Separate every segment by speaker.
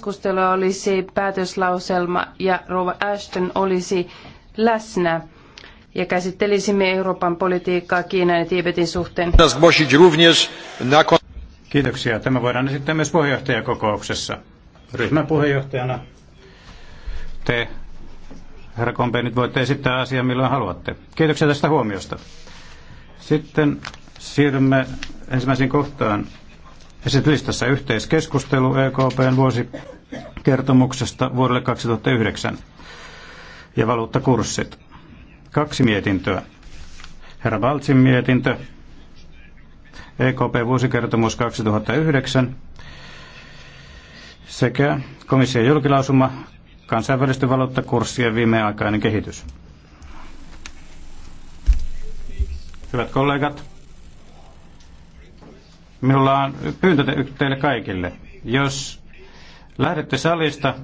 Speaker 1: keskustelu olisi päätöslauselma ja Rova Ashton olisi läsnä ja käsittelisimme Euroopan politiikkaa Kiinan ja Tiibetin suhteen.
Speaker 2: Kiitoksia. Tämä voidaan esittää myös puheenjohtajakokouksessa. Ryhmän puheenjohtajana te, herra Kompenit, voitte esittää asiaa milloin haluatte. Kiitoksia tästä huomiosta. Sitten siirrymme ensimmäisen kohtaan esityslistassa yhteiskeskustelu EKPn vuosikertomuksesta vuodelle 2009 ja valuuttakurssit. Kaksi mietintöä. Herra Baltsin mietintö, EKP vuosikertomus 2009 sekä komission julkilausuma kansainvälisten valuuttakurssien viimeaikainen kehitys. Hyvät kollegat, Minulla on pyyntö teille kaikille. Jos lähdette salista,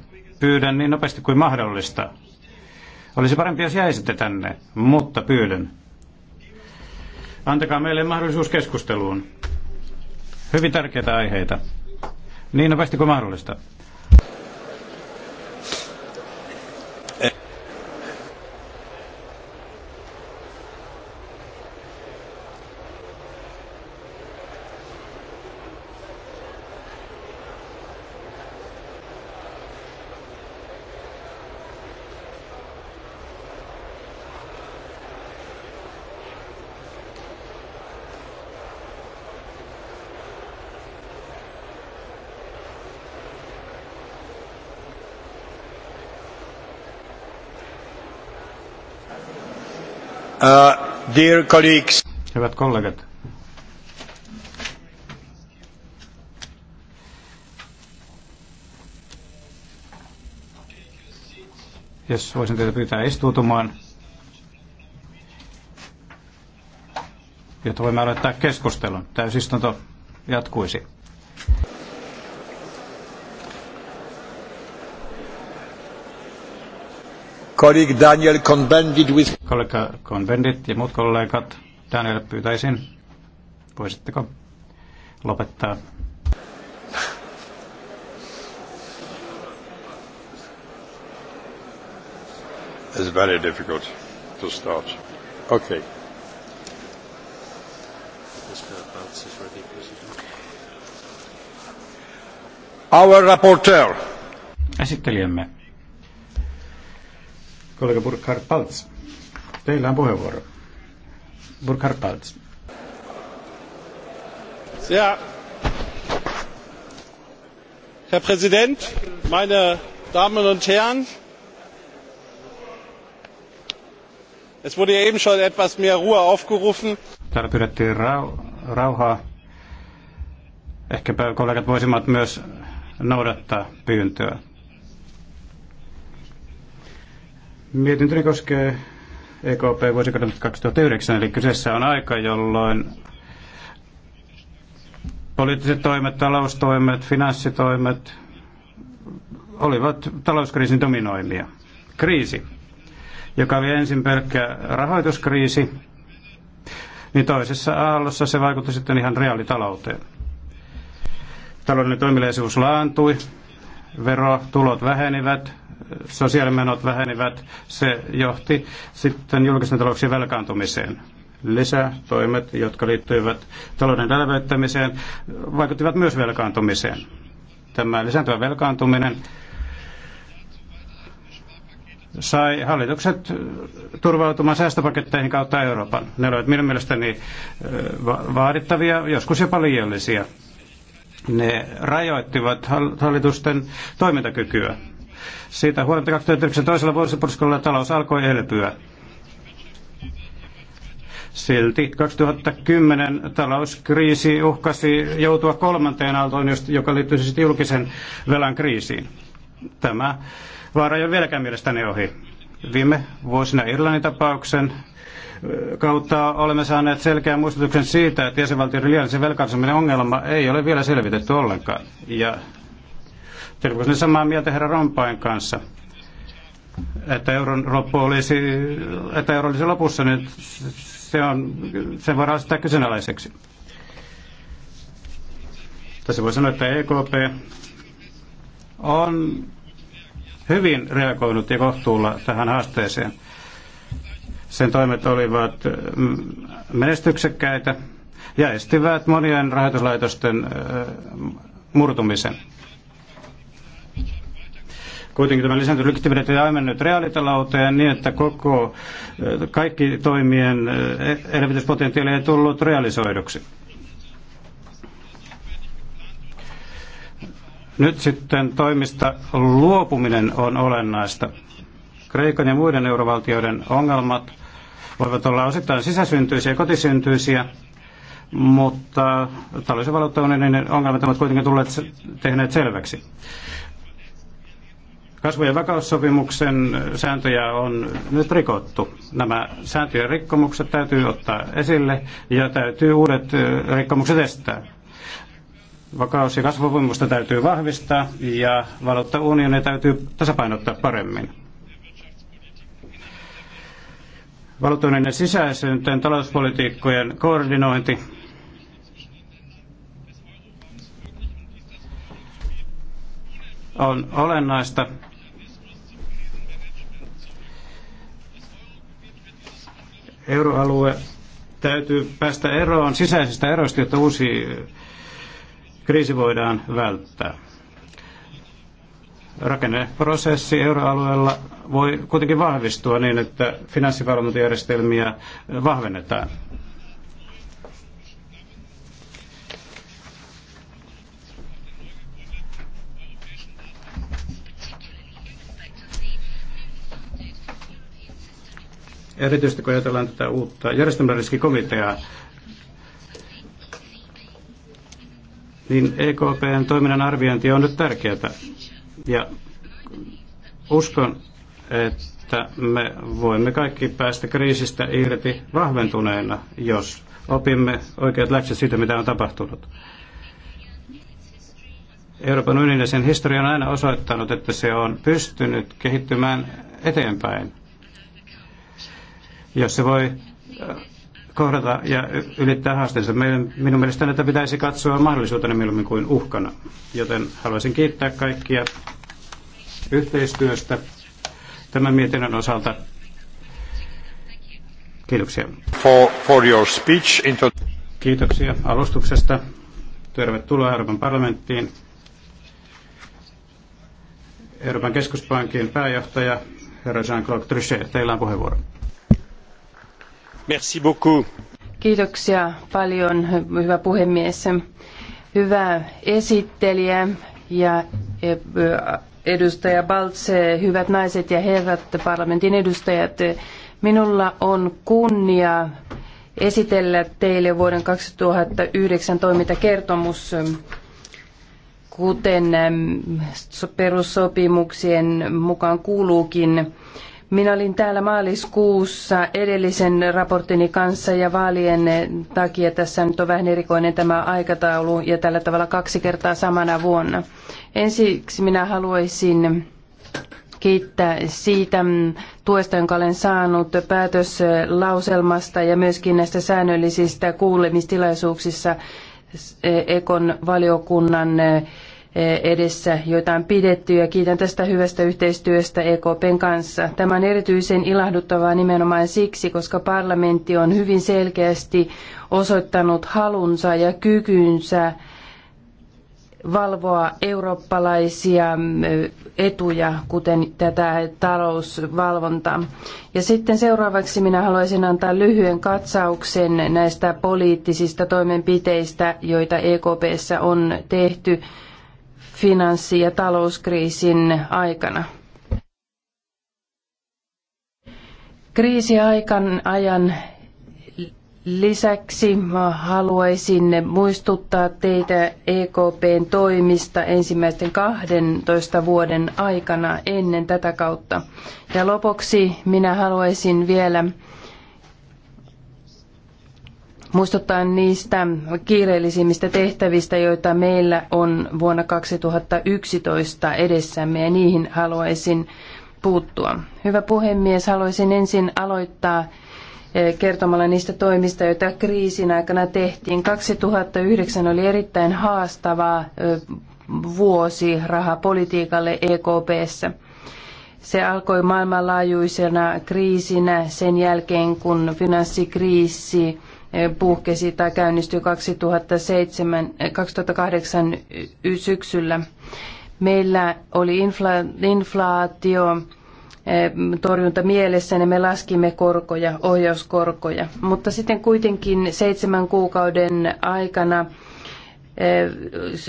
Speaker 2: pyydän niin nopeasti kuin mahdollista. Olisi parempi, jos jäisitte tänne, mutta pyydän. Antakaa meille mahdollisuus keskusteluun. Hyvin tärkeitä aiheita. Niin nopeasti kuin mahdollista. Dear colleagues. Hyvät kollegat. Jos voisin teitä pyytää istuutumaan, jotta voimme aloittaa keskustelun. Täysistunto jatkuisi. Colleague Daniel Convendit with... Kollega Convendit ja muut kollegat, Daniel pyytäisin, voisitteko lopettaa
Speaker 3: It's very difficult
Speaker 4: to start.
Speaker 2: Okay. Our rapporteur. Esittelijämme Kollega Burkhard Paltz, teillä on puheenvuoro. Burkhard Paltz.
Speaker 5: Ja. Herr Präsident, meine Damen und Herren, es wurde ja eben schon etwas mehr Ruhe aufgerufen.
Speaker 2: Täällä pyydettiin rau- rauhaa. Ehkäpä kollegat voisivat myös noudattaa pyyntöä. Mietintöni koskee EKP vuosikaudelta 2009, eli kyseessä on aika, jolloin poliittiset toimet, taloustoimet, finanssitoimet olivat talouskriisin dominoimia. Kriisi, joka oli ensin pelkkä rahoituskriisi, niin toisessa aallossa se vaikutti sitten ihan reaalitalouteen. Taloudellinen toimileisuus laantui, verotulot vähenivät, sosiaalimenot vähenivät, se johti sitten julkisten talouksien velkaantumiseen. Lisätoimet, jotka liittyivät talouden elävöittämiseen, vaikuttivat myös velkaantumiseen. Tämä lisääntyvä velkaantuminen sai hallitukset turvautumaan säästöpaketteihin kautta Euroopan. Ne olivat minun mielestäni vaadittavia, joskus jopa liiallisia. Ne rajoittivat hallitusten toimintakykyä. Siitä huolimatta 2019 toisella vuosipuoliskolla talous alkoi elpyä. Silti 2010 talouskriisi uhkasi joutua kolmanteen aaltoon, joka liittyy sitten siis julkisen velan kriisiin. Tämä vaara ei ole vieläkään mielestäni ohi. Viime vuosina Irlannin tapauksen kautta olemme saaneet selkeän muistutuksen siitä, että jäsenvaltioiden liiallisen velkaantumisen ongelma ei ole vielä selvitetty ollenkaan. Ja olen samaa mieltä herra Rompain kanssa että euron loppu olisi, että euro olisi lopussa, niin se on, sen voidaan asettaa kyseenalaiseksi. Tässä voi sanoa, että EKP on hyvin reagoinut ja kohtuulla tähän haasteeseen. Sen toimet olivat mm, menestyksekkäitä ja estivät monien rahoituslaitosten murtumisen. Kuitenkin tämä lisääntynyt likviditeetti on mennyt reaalitalouteen niin, että koko, kaikki toimien elvytyspotentiaali ei tullut realisoiduksi. Nyt sitten toimista luopuminen on olennaista. Kreikan ja muiden eurovaltioiden ongelmat voivat olla osittain sisäsyntyisiä ja kotisyntyisiä, mutta talous- ja valuuttaunionin ongelmat ovat kuitenkin tulleet tehneet selväksi. Kasvu- ja vakaussopimuksen sääntöjä on nyt rikottu. Nämä sääntöjen rikkomukset täytyy ottaa esille ja täytyy uudet rikkomukset estää. Vakaus- ja kasvuvoimusta täytyy vahvistaa ja valuuttaunioni täytyy tasapainottaa paremmin. Valuuttaunionin sisäisyyteen talouspolitiikkojen koordinointi on olennaista Euroalue täytyy päästä eroon sisäisistä eroista, jotta uusi kriisi voidaan välttää. Rakenneprosessi euroalueella voi kuitenkin vahvistua niin, että finanssivalvontajärjestelmiä vahvennetaan. Erityisesti kun ajatellaan tätä uutta järjestelmäriskikomiteaa, niin EKPn toiminnan arviointi on nyt tärkeää. Ja uskon, että me voimme kaikki päästä kriisistä irti vahventuneena, jos opimme oikeat läksyt siitä, mitä on tapahtunut. Euroopan unionin sen historia on aina osoittanut, että se on pystynyt kehittymään eteenpäin jos se voi äh, kohdata ja ylittää haasteensa. Minun mielestäni näitä pitäisi katsoa mahdollisuutena mieluummin kuin uhkana. Joten haluaisin kiittää kaikkia yhteistyöstä tämän mietinnön osalta. Kiitoksia. For, for your speech into... Kiitoksia alustuksesta. Tervetuloa Euroopan parlamenttiin. Euroopan keskuspankin pääjohtaja herra Jean-Claude Trichet, teillä on puheenvuoro. Merci beaucoup.
Speaker 1: Kiitoksia paljon, hyvä puhemies. Hyvä esittelijä ja e, edustaja Baltse, hyvät naiset ja herrat, parlamentin edustajat. Minulla on kunnia esitellä teille vuoden 2009 toimintakertomus, kuten perussopimuksien mukaan kuuluukin. Minä olin täällä maaliskuussa edellisen raporttini kanssa ja vaalien takia tässä nyt on vähän erikoinen tämä aikataulu ja tällä tavalla kaksi kertaa samana vuonna. Ensiksi minä haluaisin kiittää siitä tuesta, jonka olen saanut päätöslauselmasta ja myöskin näistä säännöllisistä kuulemistilaisuuksissa Ekon valiokunnan Eh, edessä, joita on pidetty ja kiitän tästä hyvästä yhteistyöstä EKPn kanssa. Tämä on erityisen ilahduttavaa nimenomaan siksi, koska parlamentti on hyvin selkeästi osoittanut halunsa ja kykynsä valvoa eurooppalaisia eh, etuja, kuten tätä talousvalvontaa. Ja sitten seuraavaksi minä haluaisin antaa lyhyen katsauksen näistä poliittisista toimenpiteistä, joita EKPssä on tehty finanssi- ja talouskriisin aikana. Kriisiaikan ajan lisäksi haluaisin muistuttaa teitä EKPn toimista ensimmäisten 12 vuoden aikana ennen tätä kautta. Ja lopuksi minä haluaisin vielä muistuttaa niistä kiireellisimmistä tehtävistä, joita meillä on vuonna 2011 edessämme ja niihin haluaisin puuttua. Hyvä puhemies, haluaisin ensin aloittaa e, kertomalla niistä toimista, joita kriisin aikana tehtiin. 2009 oli erittäin haastava e, vuosi rahapolitiikalle EKPssä. Se alkoi maailmanlaajuisena kriisinä sen jälkeen, kun finanssikriisi Eh, puhkesi tai käynnistyi 2007, 2008 eh, syksyllä. Meillä oli infla, inflaatio eh, torjunta mielessä, niin me laskimme korkoja, ohjauskorkoja. Mutta sitten kuitenkin seitsemän kuukauden aikana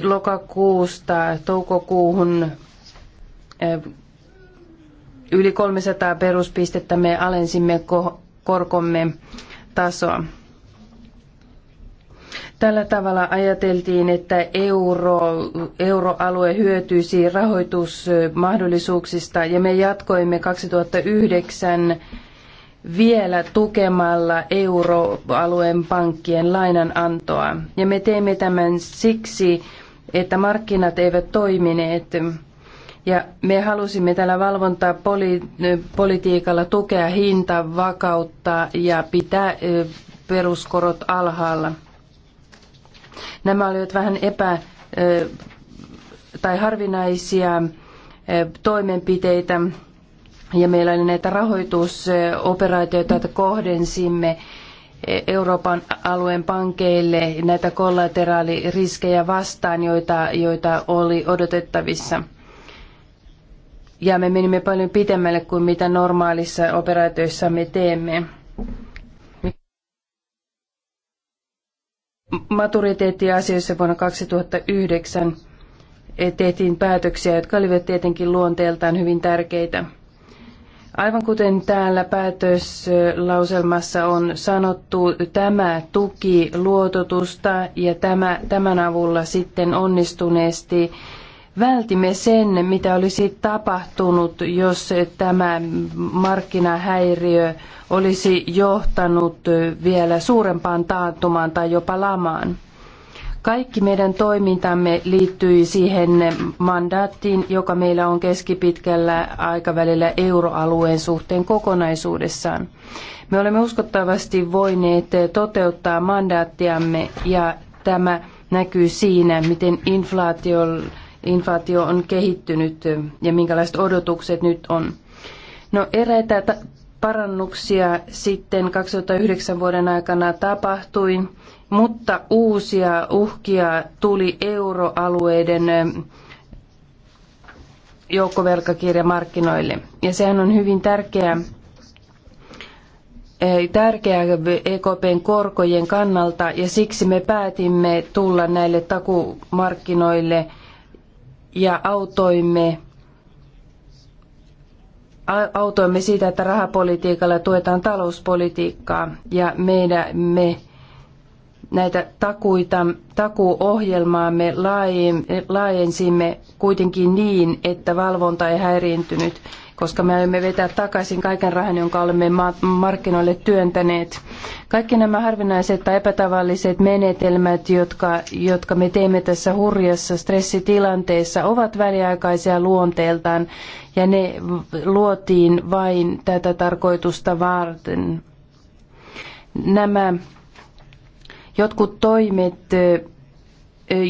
Speaker 1: lokakuusta toukokuuhun yli 300 peruspistettä me alensimme korkomme tasoa. Tällä tavalla ajateltiin, että euro, euroalue hyötyisi rahoitusmahdollisuuksista ja me jatkoimme 2009 vielä tukemalla euroalueen pankkien lainanantoa. Ja me teimme tämän siksi, että markkinat eivät toimineet. Ja me halusimme tällä valvontaa tukea hinta vakautta ja pitää peruskorot alhaalla. Nämä olivat vähän epä- tai harvinaisia toimenpiteitä ja meillä oli näitä rahoitusoperaatioita, joita kohdensimme e, Euroopan alueen pankeille näitä kollateraaliriskejä vastaan, joita, joita oli odotettavissa. Ja me menimme paljon pitemmälle kuin mitä normaalissa operaatioissa me teemme. maturiteettiasioissa vuonna 2009 tehtiin päätöksiä, jotka olivat tietenkin luonteeltaan hyvin tärkeitä. Aivan kuten täällä päätöslauselmassa on sanottu, tämä tuki luototusta ja tämä, tämän avulla sitten onnistuneesti vältimme sen, mitä olisi tapahtunut, jos tämä markkinahäiriö olisi johtanut vielä suurempaan taantumaan tai jopa lamaan. Kaikki meidän toimintamme liittyy siihen mandaattiin, joka meillä on keskipitkällä aikavälillä euroalueen suhteen kokonaisuudessaan. Me olemme uskottavasti voineet toteuttaa mandaattiamme ja tämä näkyy siinä, miten inflaatiolla inflaatio on kehittynyt ja minkälaiset odotukset nyt on. No eräitä parannuksia sitten 2009 vuoden aikana tapahtui, mutta uusia uhkia tuli euroalueiden joukkovelkakirjamarkkinoille. Ja sehän on hyvin tärkeää tärkeää EKPn korkojen kannalta ja siksi me päätimme tulla näille takumarkkinoille – ja autoimme autoimme siitä, että rahapolitiikalla tuetaan talouspolitiikkaa ja meidän, me näitä takuita, takuohjelmaamme laajensimme kuitenkin niin, että valvonta ei häiriintynyt koska me aiomme vetää takaisin kaiken rahan, jonka olemme markkinoille työntäneet. Kaikki nämä harvinaiset tai epätavalliset menetelmät, jotka, jotka me teemme tässä hurjassa stressitilanteessa, ovat väliaikaisia luonteeltaan ja ne luotiin vain tätä tarkoitusta varten. Nämä jotkut toimet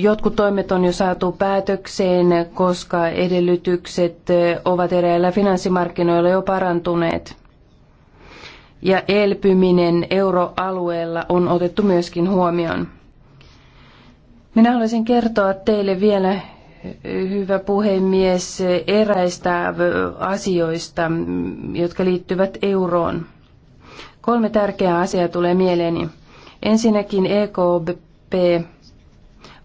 Speaker 1: Jotkut toimet on jo saatu päätökseen, koska edellytykset ovat eräillä finanssimarkkinoilla jo parantuneet. Ja elpyminen euroalueella on otettu myöskin huomioon. Minä haluaisin kertoa teille vielä, hyvä puhemies, eräistä asioista, jotka liittyvät euroon. Kolme tärkeää asiaa tulee mieleeni. Ensinnäkin EKP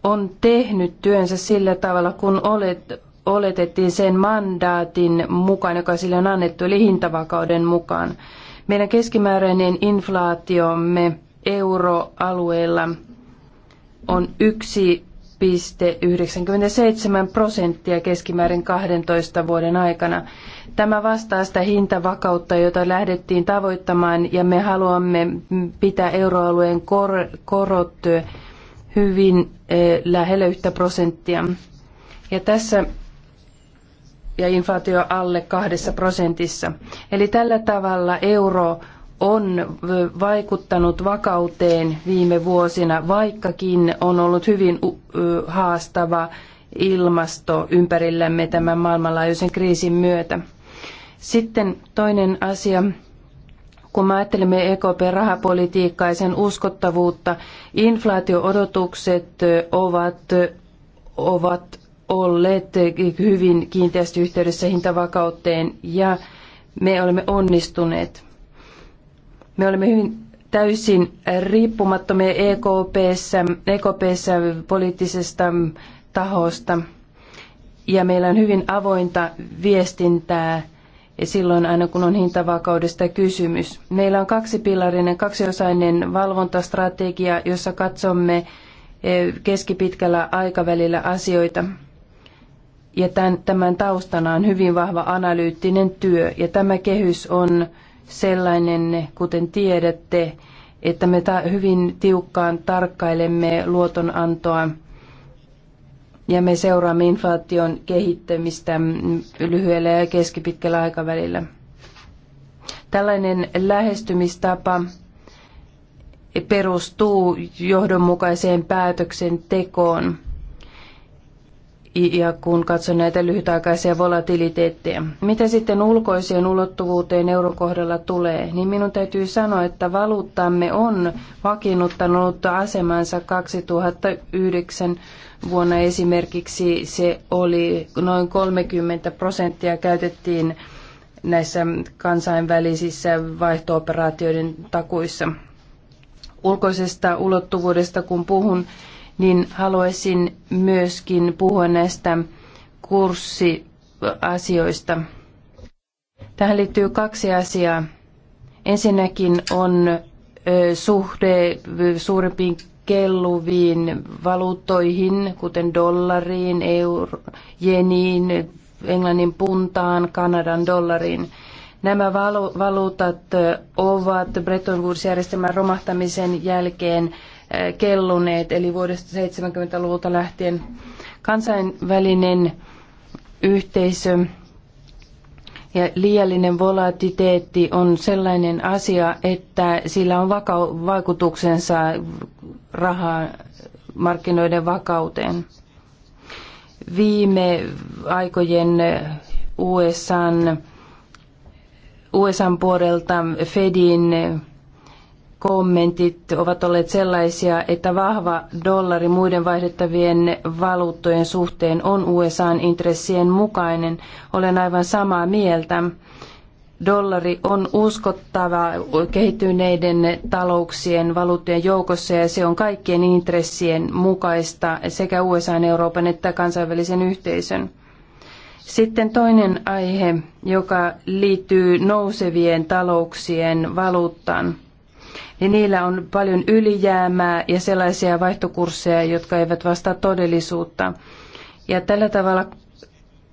Speaker 1: on tehnyt työnsä sillä tavalla, kun olet, oletettiin sen mandaatin mukaan, joka sille on annettu, eli hintavakauden mukaan. Meidän keskimääräinen inflaatiomme euroalueella on 1,97 prosenttia keskimäärin 12 vuoden aikana. Tämä vastaa sitä hintavakautta, jota lähdettiin tavoittamaan, ja me haluamme pitää euroalueen kor- korot hyvin eh, lähellä yhtä prosenttia. Ja tässä ja inflaatio alle kahdessa prosentissa. Eli tällä tavalla euro on eh, vaikuttanut vakauteen viime vuosina, vaikkakin on ollut hyvin eh, haastava ilmasto ympärillämme tämän maailmanlaajuisen kriisin myötä. Sitten toinen asia kun me ajattelemme EKP-rahapolitiikkaa ja sen uskottavuutta, inflaatioodotukset ovat, ovat olleet hyvin kiinteästi yhteydessä hintavakauteen ja me olemme onnistuneet. Me olemme hyvin täysin riippumattomia EKPssä, EKPssä poliittisesta tahosta ja meillä on hyvin avointa viestintää silloin aina kun on hintavakaudesta kysymys. Meillä on kaksipilarinen, kaksiosainen valvontastrategia, jossa katsomme eh, keskipitkällä aikavälillä asioita. Ja tämän, tämän taustana on hyvin vahva analyyttinen työ. Ja tämä kehys on sellainen, kuten tiedätte, että me hyvin tiukkaan tarkkailemme luotonantoa ja me seuraamme inflaation kehittämistä lyhyellä ja keskipitkällä aikavälillä. Tällainen lähestymistapa perustuu johdonmukaiseen päätöksentekoon ja kun katson näitä lyhytaikaisia volatiliteetteja. Mitä sitten ulkoiseen ulottuvuuteen eurokohdalla tulee, niin minun täytyy sanoa, että valuuttamme on vakiinnuttanut asemansa 2009 vuonna esimerkiksi se oli noin 30 prosenttia käytettiin näissä kansainvälisissä vaihtooperaatioiden takuissa. Ulkoisesta ulottuvuudesta kun puhun, niin haluaisin myöskin puhua näistä kurssiasioista. Tähän liittyy kaksi asiaa. Ensinnäkin on suhde suurempiin kelluviin valuuttoihin, kuten dollariin, euro, jeniin, Englannin puntaan, Kanadan dollariin. Nämä valuutat ovat Bretton Woods-järjestelmän romahtamisen jälkeen kelluneet, eli vuodesta 70-luvulta lähtien kansainvälinen yhteisö ja liiallinen volatiteetti on sellainen asia, että sillä on vakau- vaikutuksensa rahamarkkinoiden vakauteen. Viime aikojen USAn, USAn puolelta Fedin kommentit ovat olleet sellaisia, että vahva dollari muiden vaihdettavien valuuttojen suhteen on USAn intressien mukainen. Olen aivan samaa mieltä. Dollari on uskottava kehittyneiden talouksien valuuttojen joukossa ja se on kaikkien intressien mukaista sekä n Euroopan että kansainvälisen yhteisön. Sitten toinen aihe, joka liittyy nousevien talouksien valuuttaan niin niillä on paljon ylijäämää ja sellaisia vaihtokursseja, jotka eivät vastaa todellisuutta. Ja tällä tavalla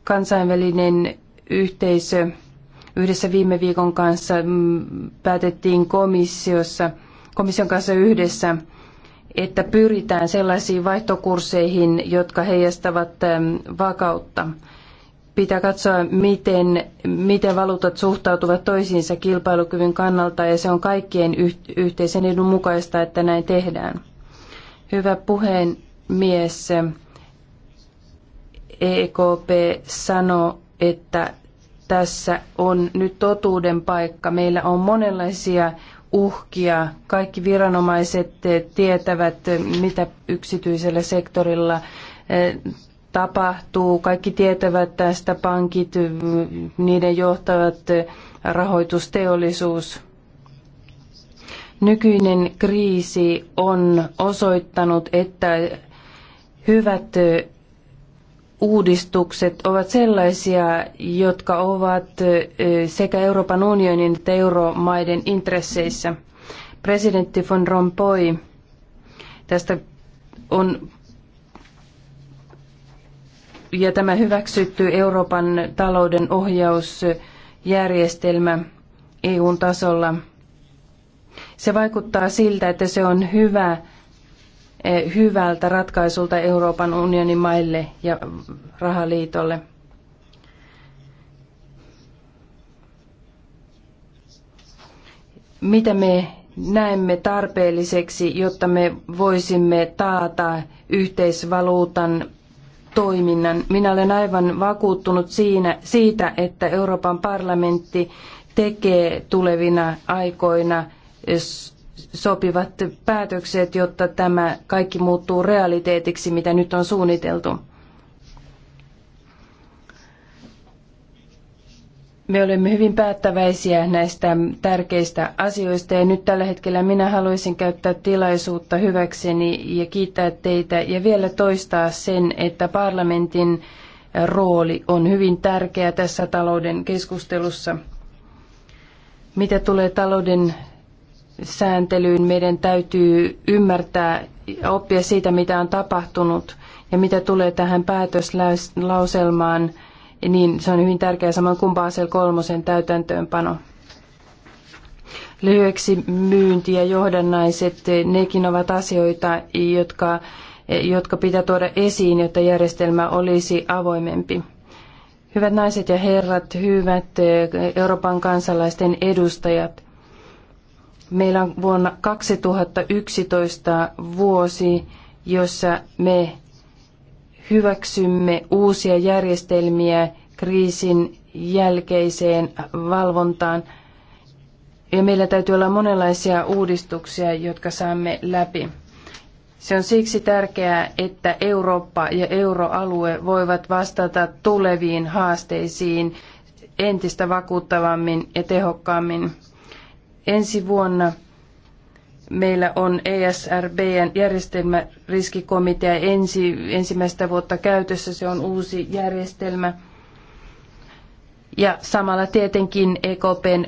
Speaker 1: kansainvälinen yhteisö yhdessä viime viikon kanssa mm, päätettiin komissiossa, komission kanssa yhdessä, että pyritään sellaisiin vaihtokursseihin, jotka heijastavat vakautta pitää katsoa, miten, miten valuutat suhtautuvat toisiinsa kilpailukyvyn kannalta, ja se on kaikkien yhteisen edun mukaista, että näin tehdään. Hyvä puhemies, EKP sanoi, että tässä on nyt totuuden paikka. Meillä on monenlaisia uhkia. Kaikki viranomaiset tietävät, mitä yksityisellä sektorilla tapahtuu. Kaikki tietävät tästä pankit, niiden johtavat rahoitusteollisuus. Nykyinen kriisi on osoittanut, että hyvät uudistukset ovat sellaisia, jotka ovat sekä Euroopan unionin että euromaiden intresseissä. Presidentti von Rompuy tästä on ja tämä hyväksytty Euroopan talouden ohjausjärjestelmä EUn tasolla, se vaikuttaa siltä, että se on hyvä, eh, hyvältä ratkaisulta Euroopan unionin maille ja rahaliitolle. Mitä me näemme tarpeelliseksi, jotta me voisimme taata yhteisvaluutan toiminnan. Minä olen aivan vakuuttunut siinä, siitä, että Euroopan parlamentti tekee tulevina aikoina sopivat päätökset, jotta tämä kaikki muuttuu realiteetiksi, mitä nyt on suunniteltu. me olemme hyvin päättäväisiä näistä tärkeistä asioista ja nyt tällä hetkellä minä haluaisin käyttää tilaisuutta hyväkseni ja kiittää teitä ja vielä toistaa sen, että parlamentin rooli on hyvin tärkeä tässä talouden keskustelussa. Mitä tulee talouden sääntelyyn, meidän täytyy ymmärtää ja oppia siitä, mitä on tapahtunut ja mitä tulee tähän päätöslauselmaan – niin se on hyvin tärkeää saman kuin Basel kolmosen täytäntöönpano. Lyhyeksi myynti ja johdannaiset, nekin ovat asioita, jotka, jotka pitää tuoda esiin, jotta järjestelmä olisi avoimempi. Hyvät naiset ja herrat, hyvät eh, Euroopan kansalaisten edustajat, meillä on vuonna 2011 vuosi, jossa me hyväksymme uusia järjestelmiä kriisin jälkeiseen valvontaan. Ja meillä täytyy olla monenlaisia uudistuksia, jotka saamme läpi. Se on siksi tärkeää, että Eurooppa ja euroalue voivat vastata tuleviin haasteisiin entistä vakuuttavammin ja tehokkaammin. Ensi vuonna Meillä on ESRBn järjestelmäriskikomitea ensi, ensimmäistä vuotta käytössä. Se on uusi järjestelmä. Ja samalla tietenkin EKPn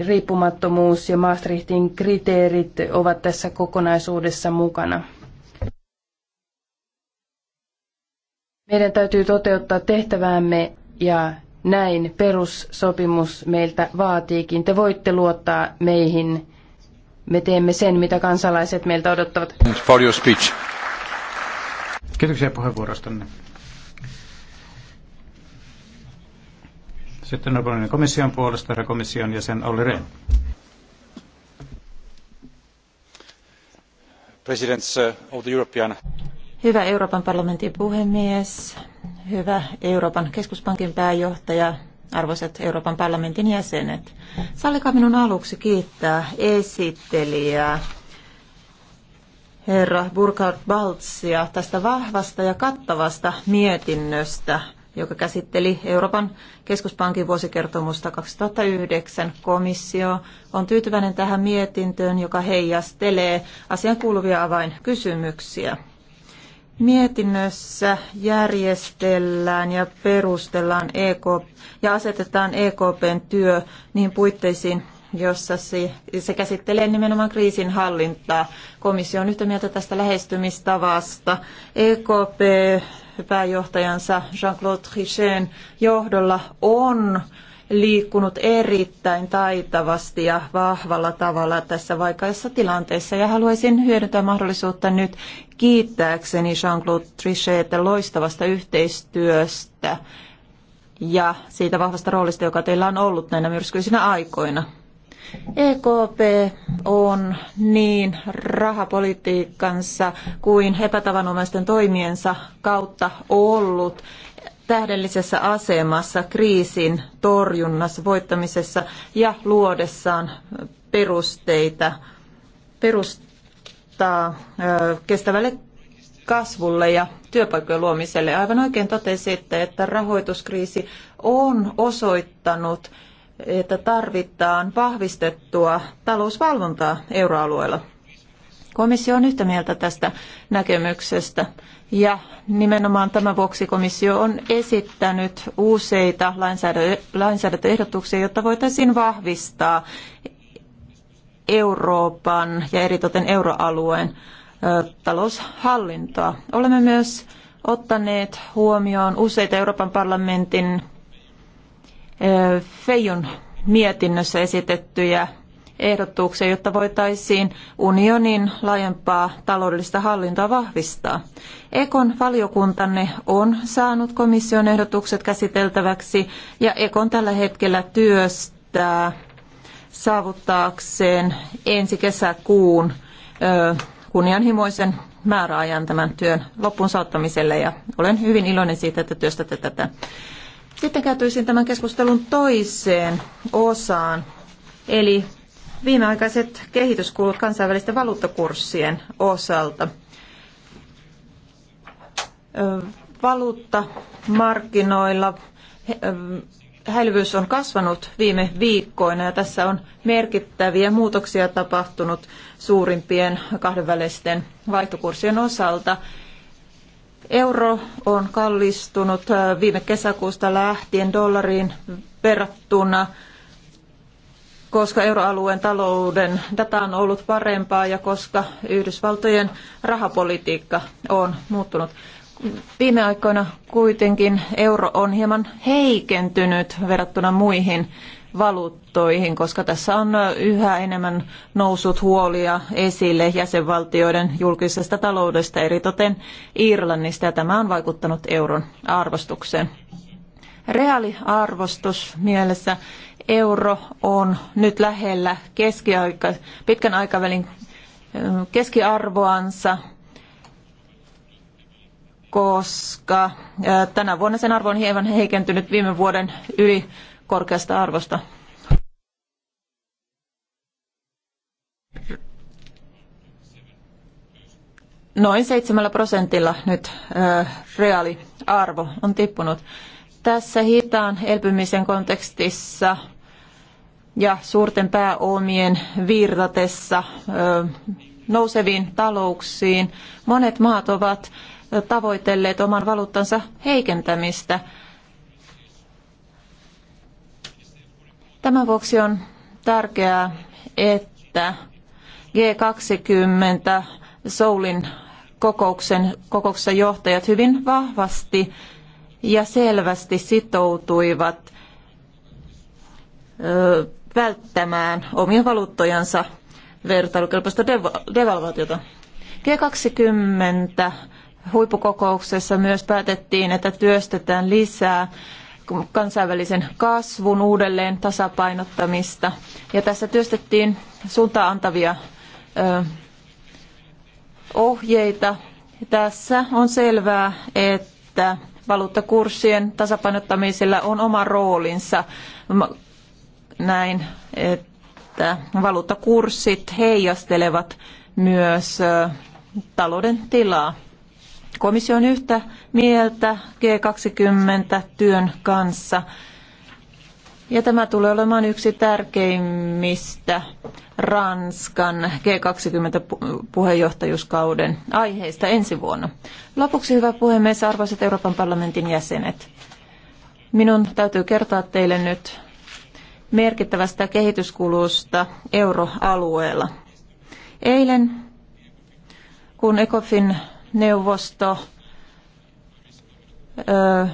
Speaker 1: riippumattomuus ja Maastrichtin kriteerit ovat tässä kokonaisuudessa mukana. Meidän täytyy toteuttaa tehtäväämme ja näin perussopimus meiltä vaatiikin. Te voitte luottaa meihin me teemme sen, mitä kansalaiset meiltä odottavat.
Speaker 4: For your speech.
Speaker 2: Kiitoksia puheenvuorostanne. Sitten Euroopan komission puolesta herra komission jäsen Olli Rehn.
Speaker 4: European...
Speaker 6: Hyvä Euroopan parlamentin puhemies, hyvä Euroopan keskuspankin pääjohtaja, arvoisat Euroopan parlamentin jäsenet. Sallikaa minun aluksi kiittää esittelijää herra Burkhard Baltsia tästä vahvasta ja kattavasta mietinnöstä, joka käsitteli Euroopan keskuspankin vuosikertomusta 2009. Komissio on tyytyväinen tähän mietintöön, joka heijastelee asian kuuluvia avainkysymyksiä. Mietinnössä järjestellään ja perustellaan EK, ja asetetaan EKPn työ niin puitteisiin, jossa se, se käsittelee nimenomaan kriisin hallintaa. Komissio on yhtä mieltä tästä lähestymistavasta. EKP pääjohtajansa Jean-Claude Trichet johdolla on liikkunut erittäin taitavasti ja vahvalla tavalla tässä vaikeassa tilanteessa. Ja haluaisin hyödyntää mahdollisuutta nyt kiittääkseni Jean-Claude Trichetta loistavasta yhteistyöstä ja siitä vahvasta roolista, joka teillä on ollut näinä myrskyisinä aikoina. EKP on niin rahapolitiikkansa kuin epätavanomaisten toimiensa kautta ollut tähdellisessä asemassa kriisin torjunnassa, voittamisessa ja luodessaan perusteita, perustaa kestävälle kasvulle ja työpaikkojen luomiselle. Aivan oikein totesitte, että rahoituskriisi on osoittanut, että tarvitaan vahvistettua talousvalvontaa euroalueella. Komissio on yhtä mieltä tästä näkemyksestä. Ja nimenomaan tämän vuoksi komissio on esittänyt useita lainsäädäntöehdotuksia, jotta voitaisiin vahvistaa Euroopan ja eritoten euroalueen taloushallintoa. Olemme myös ottaneet huomioon useita Euroopan parlamentin Feijun mietinnössä esitettyjä ehdotuksia, jotta voitaisiin unionin laajempaa taloudellista hallintoa vahvistaa. Ekon valiokuntanne on saanut komission ehdotukset käsiteltäväksi ja Ekon tällä hetkellä työstää saavuttaakseen ensi kesäkuun kunnianhimoisen määräajan tämän työn loppuun saattamiselle ja olen hyvin iloinen siitä, että työstätte tätä. Sitten käytyisin tämän keskustelun toiseen osaan, eli viimeaikaiset kehityskulut kansainvälisten valuuttakurssien osalta. Valuuttamarkkinoilla häilyvyys on kasvanut viime viikkoina ja tässä on merkittäviä muutoksia tapahtunut suurimpien kahdenvälisten vaihtokurssien osalta. Euro on kallistunut viime kesäkuusta lähtien dollariin verrattuna koska euroalueen talouden data on ollut parempaa ja koska Yhdysvaltojen rahapolitiikka on muuttunut. Viime aikoina kuitenkin euro on hieman heikentynyt verrattuna muihin valuuttoihin, koska tässä on yhä enemmän noussut huolia esille jäsenvaltioiden julkisesta taloudesta, eritoten Irlannista, ja tämä on vaikuttanut euron arvostukseen. Reaaliarvostus mielessä euro on nyt lähellä keskiaika, pitkän aikavälin keskiarvoansa, koska tänä vuonna sen arvo on hieman heikentynyt viime vuoden yli korkeasta arvosta. Noin seitsemällä prosentilla nyt reaaliarvo on tippunut. Tässä hitaan elpymisen kontekstissa ja suurten pääomien virratessa nouseviin talouksiin monet maat ovat tavoitelleet oman valuuttansa heikentämistä. Tämän vuoksi on tärkeää, että G20 Soulin kokouksen, kokouksessa johtajat hyvin vahvasti ja selvästi sitoutuivat ö, välttämään omia valuuttojansa vertailukelpoista devalvaatiota. G20 huippukokouksessa myös päätettiin, että työstetään lisää kansainvälisen kasvun uudelleen tasapainottamista. Ja tässä työstettiin suuntaan antavia ö, ohjeita. Tässä on selvää, että valuuttakurssien tasapainottamisella on oma roolinsa näin, että valuuttakurssit heijastelevat myös talouden tilaa. Komissio on yhtä mieltä G20-työn kanssa. Ja tämä tulee olemaan yksi tärkeimmistä Ranskan G20-puheenjohtajuuskauden aiheista ensi vuonna. Lopuksi, hyvä puhemies, arvoisat Euroopan parlamentin jäsenet. Minun täytyy kertoa teille nyt merkittävästä kehityskulusta euroalueella. Eilen, kun ECOFIN neuvosto ö,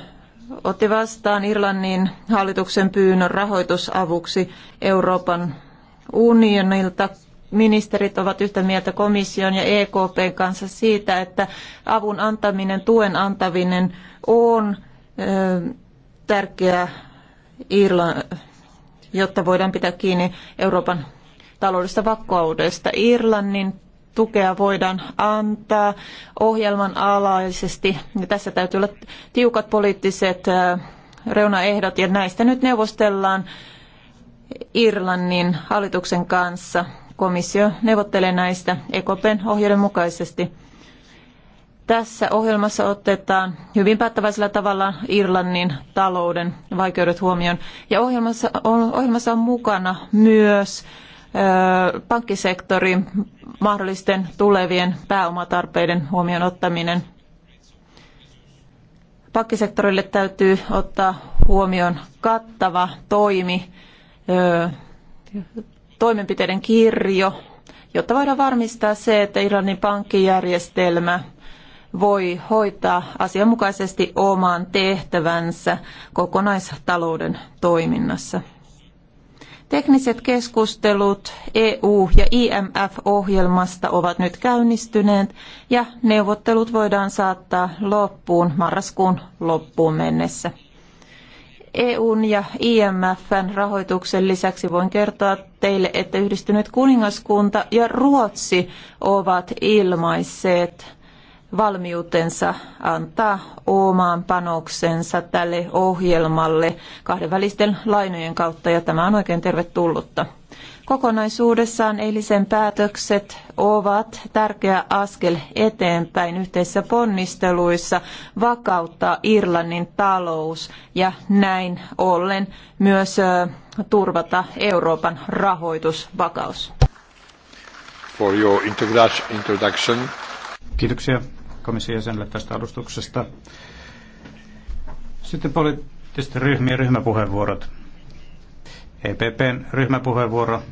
Speaker 6: otti vastaan Irlannin hallituksen pyynnön rahoitusavuksi Euroopan unionilta, ministerit ovat yhtä mieltä komission ja EKPn kanssa siitä, että avun antaminen, tuen antaminen on ö, tärkeää Irlannin jotta voidaan pitää kiinni Euroopan taloudesta vakaudesta. Irlannin tukea voidaan antaa ohjelman alaisesti. Ja tässä täytyy olla tiukat poliittiset reunaehdot ja näistä nyt neuvostellaan Irlannin hallituksen kanssa. Komissio neuvottelee näistä EKPn ohjeiden mukaisesti. Tässä ohjelmassa otetaan hyvin päättäväisellä tavalla Irlannin talouden vaikeudet huomioon. Ja ohjelmassa on, ohjelmassa on mukana myös ö, pankkisektorin mahdollisten tulevien pääomatarpeiden huomioon ottaminen. Pankkisektorille täytyy ottaa huomioon kattava toimi, ö, toimenpiteiden kirjo, jotta voidaan varmistaa se, että Irlannin pankkijärjestelmä – voi hoitaa asianmukaisesti oman tehtävänsä kokonaistalouden toiminnassa. Tekniset keskustelut EU- ja IMF-ohjelmasta ovat nyt käynnistyneet ja neuvottelut voidaan saattaa loppuun marraskuun loppuun mennessä. EUn ja IMFn rahoituksen lisäksi voin kertoa teille, että yhdistynyt kuningaskunta ja Ruotsi ovat ilmaisseet valmiutensa antaa omaan panoksensa tälle ohjelmalle kahdenvälisten lainojen kautta ja tämä on oikein tervetullutta. Kokonaisuudessaan eilisen päätökset ovat tärkeä askel eteenpäin yhteisissä ponnisteluissa vakauttaa Irlannin talous ja näin ollen myös turvata Euroopan rahoitusvakaus.
Speaker 2: Kiitoksia komission jäsenelle tästä alustuksesta. Sitten poliittisten ryhmien ryhmäpuheenvuorot. EPPn ryhmäpuheenvuoro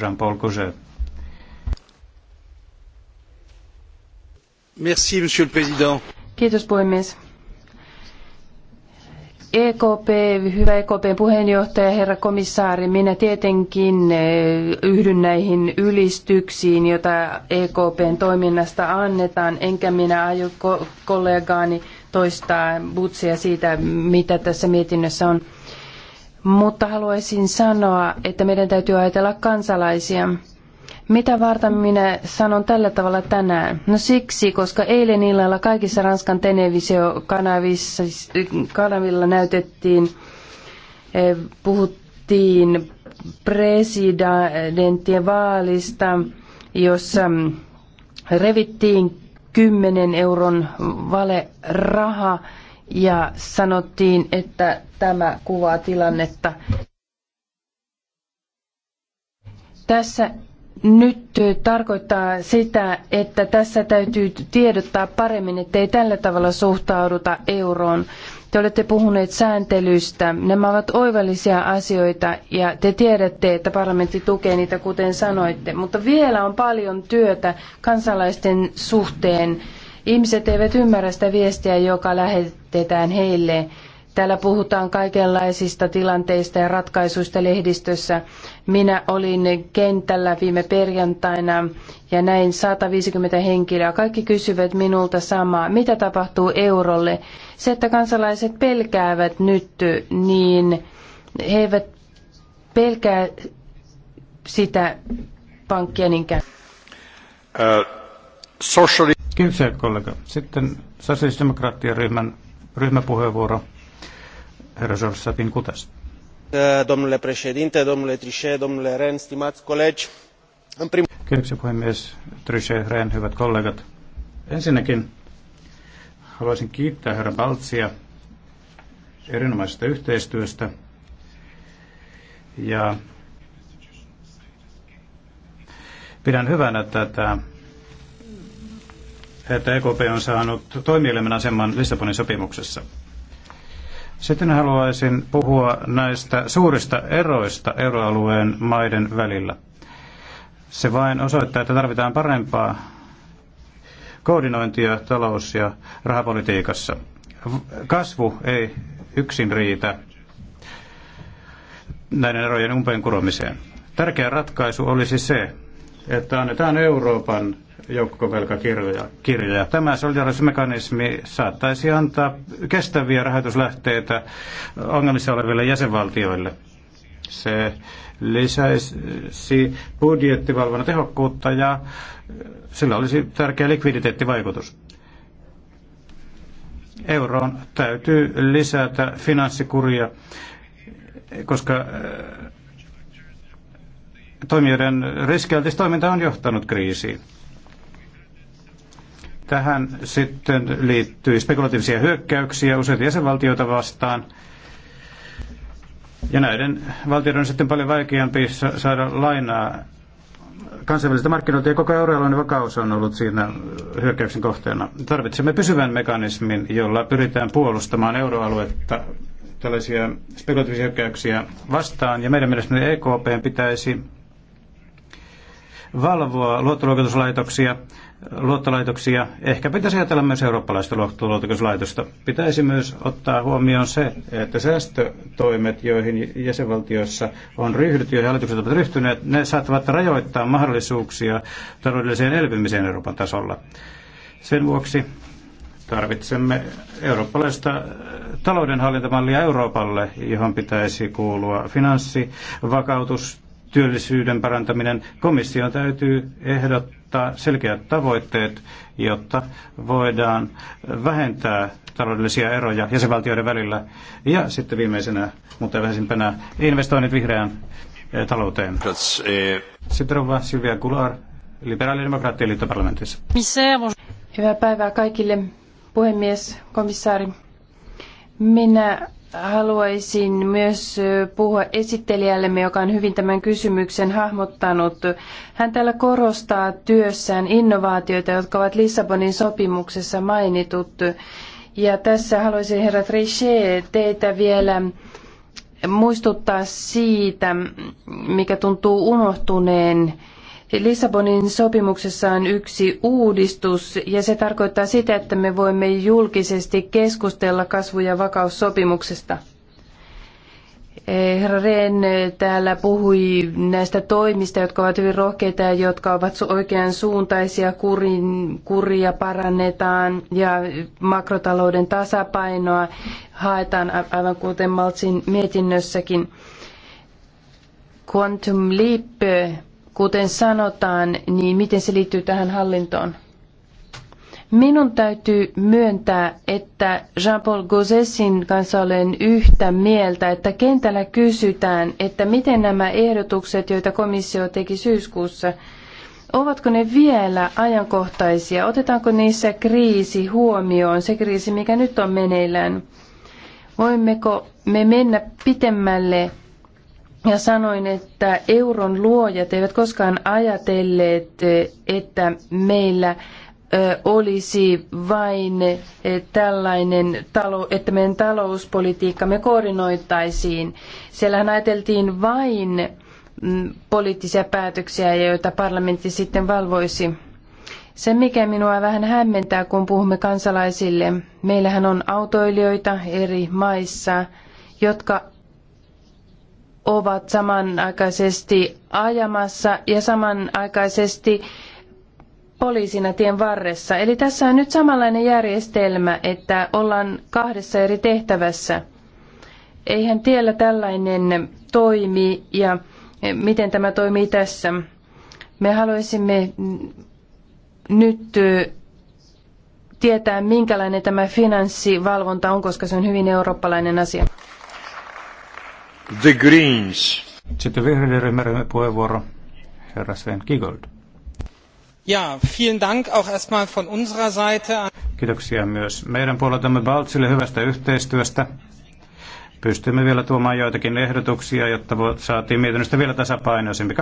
Speaker 2: Jean-Paul Couset. Merci, monsieur le président.
Speaker 1: Kiitos puhemies. EKP, hyvä EKPn puheenjohtaja, herra komissaari, minä tietenkin eh, yhdyn näihin ylistyksiin, joita EKPn toiminnasta annetaan, enkä minä aio kollegaani toistaa butsia siitä, mitä tässä mietinnössä on. Mutta haluaisin sanoa, että meidän täytyy ajatella kansalaisia. Mitä varten minä sanon tällä tavalla tänään? No siksi, koska eilen illalla kaikissa Ranskan kanavilla näytettiin, eh, puhuttiin presidenttien vaalista, jossa revittiin 10 euron valeraha ja sanottiin, että tämä kuvaa tilannetta. Tässä nyt tarkoittaa sitä, että tässä täytyy tiedottaa paremmin, ettei tällä tavalla suhtauduta euroon. Te olette puhuneet sääntelystä. Nämä ovat oivallisia asioita ja te tiedätte, että parlamentti tukee niitä, kuten sanoitte. Mutta vielä on paljon työtä kansalaisten suhteen. Ihmiset eivät ymmärrä sitä viestiä, joka lähetetään heille. Täällä puhutaan kaikenlaisista tilanteista ja ratkaisuista lehdistössä. Minä olin kentällä viime perjantaina ja näin 150 henkilöä. Kaikki kysyvät minulta samaa, mitä tapahtuu eurolle. Se, että kansalaiset pelkäävät nyt, niin he eivät pelkää sitä pankkia niinkään.
Speaker 2: Uh, äh, socially... kollega. Sitten sosiaalidemokraattien ryhmän ryhmäpuheenvuoro herra George Sapin Kutas. Eh, domnule președinte, domnule Trichet, domnule Ren, stimați colegi. Kiitoksia puhemies hyvät kollegat. Ensinnäkin haluaisin kiittää herra Baltsia erinomaisesta yhteistyöstä ja pidän hyvänä tätä, että EKP on saanut toimielimen aseman Lissabonin sopimuksessa. Sitten haluaisin puhua näistä suurista eroista euroalueen maiden välillä. Se vain osoittaa, että tarvitaan parempaa koordinointia talous- ja rahapolitiikassa. Kasvu ei yksin riitä näiden erojen umpeen kuromiseen. Tärkeä ratkaisu olisi se, että annetaan Euroopan joukkovelkakirjoja. Tämä solidarisuusmekanismi saattaisi antaa kestäviä rahoituslähteitä ongelmissa oleville jäsenvaltioille. Se lisäisi budjettivalvonnan tehokkuutta ja sillä olisi tärkeä likviditeettivaikutus. Euroon täytyy lisätä finanssikuria, koska toimijoiden riskeiltis toiminta on johtanut kriisiin. Tähän sitten liittyy spekulatiivisia hyökkäyksiä useita jäsenvaltioita vastaan. Ja näiden valtioiden on sitten paljon vaikeampi saada lainaa kansainvälisiltä markkinoilta ja koko euroalueen vakaus on ollut siinä hyökkäyksen kohteena. Tarvitsemme pysyvän mekanismin, jolla pyritään puolustamaan euroaluetta tällaisia spekulatiivisia hyökkäyksiä vastaan. Ja meidän mielestämme EKP pitäisi valvoa luottoluokituslaitoksia, luottolaitoksia. Ehkä pitäisi ajatella myös eurooppalaista luottoluokituslaitosta. Pitäisi myös ottaa huomioon se, että säästötoimet, joihin jäsenvaltioissa on ryhdytty, joihin hallitukset ovat ryhtyneet, ne saattavat rajoittaa mahdollisuuksia taloudelliseen elpymiseen Euroopan tasolla. Sen vuoksi tarvitsemme eurooppalaista taloudenhallintamallia Euroopalle, johon pitäisi kuulua finanssivakautus, työllisyyden parantaminen. Komission täytyy ehdottaa selkeät tavoitteet, jotta voidaan vähentää taloudellisia eroja jäsenvaltioiden välillä. Ja sitten viimeisenä, mutta vähäisimpänä, investoinnit vihreään eh, talouteen. Sitten rouva Silvia Gular, liberaalidemokraattien liittoparlamentissa.
Speaker 1: Hyvää päivää kaikille, puhemies, komissaari. Minä haluaisin myös puhua esittelijällemme, joka on hyvin tämän kysymyksen hahmottanut. Hän täällä korostaa työssään innovaatioita, jotka ovat Lissabonin sopimuksessa mainitut. Ja tässä haluaisin herra Trichet teitä vielä muistuttaa siitä, mikä tuntuu unohtuneen Lissabonin sopimuksessa on yksi uudistus ja se tarkoittaa sitä, että me voimme julkisesti keskustella kasvu- ja vakaussopimuksesta. Eh, herra Rehn täällä puhui näistä toimista, jotka ovat hyvin rohkeita ja jotka ovat oikean suuntaisia. Kurin, kuria parannetaan ja makrotalouden tasapainoa haetaan, aivan kuten Maltsin mietinnössäkin. Quantum Leap kuten sanotaan, niin miten se liittyy tähän hallintoon? Minun täytyy myöntää, että Jean-Paul Gauzessin kanssa olen yhtä mieltä, että kentällä kysytään, että miten nämä ehdotukset, joita komissio teki syyskuussa, ovatko ne vielä ajankohtaisia? Otetaanko niissä kriisi huomioon, se kriisi, mikä nyt on meneillään? Voimmeko me mennä pitemmälle ja sanoin, että euron luojat eivät koskaan ajatelleet, että meillä olisi vain tällainen, talo, että meidän talouspolitiikka me koordinoitaisiin. Siellähän ajateltiin vain mm, poliittisia päätöksiä, joita parlamentti sitten valvoisi. Se, mikä minua vähän hämmentää, kun puhumme kansalaisille, meillähän on autoilijoita eri maissa, jotka ovat samanaikaisesti ajamassa ja samanaikaisesti poliisina tien varressa. Eli tässä on nyt samanlainen järjestelmä, että ollaan kahdessa eri tehtävässä. Eihän tiellä tällainen toimi ja miten tämä toimii tässä. Me haluaisimme nyt tietää, minkälainen tämä finanssivalvonta on, koska se on hyvin eurooppalainen asia.
Speaker 2: The Greens. Sitten vihreiden ryhmän puheenvuoro, herra Sven Kigold. Ja, vielen Dank auch erstmal von unserer Seite. Kiitoksia myös meidän puoleltamme Baltsille hyvästä yhteistyöstä. Pystymme vielä tuomaan joitakin ehdotuksia, jotta saatiin mietinnöstä vielä tasapainoisempi. 2009-2010.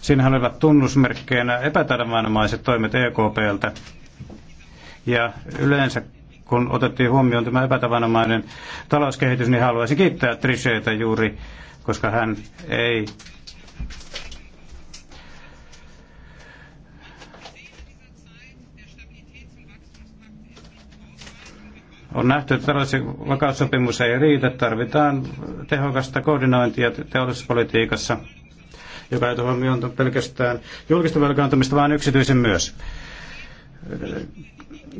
Speaker 2: Siinähän olivat tunnusmerkkeinä epätavanomaiset toimet EKPltä ja yleensä kun otettiin huomioon tämä epätavanomainen talouskehitys, niin haluaisin kiittää Trisheitä juuri, koska hän ei on nähty, että tällaisen vakaussopimus ei riitä. Tarvitaan tehokasta koordinointia teollisuuspolitiikassa, joka ei huomioon pelkästään julkista velkaantumista, vaan yksityisen myös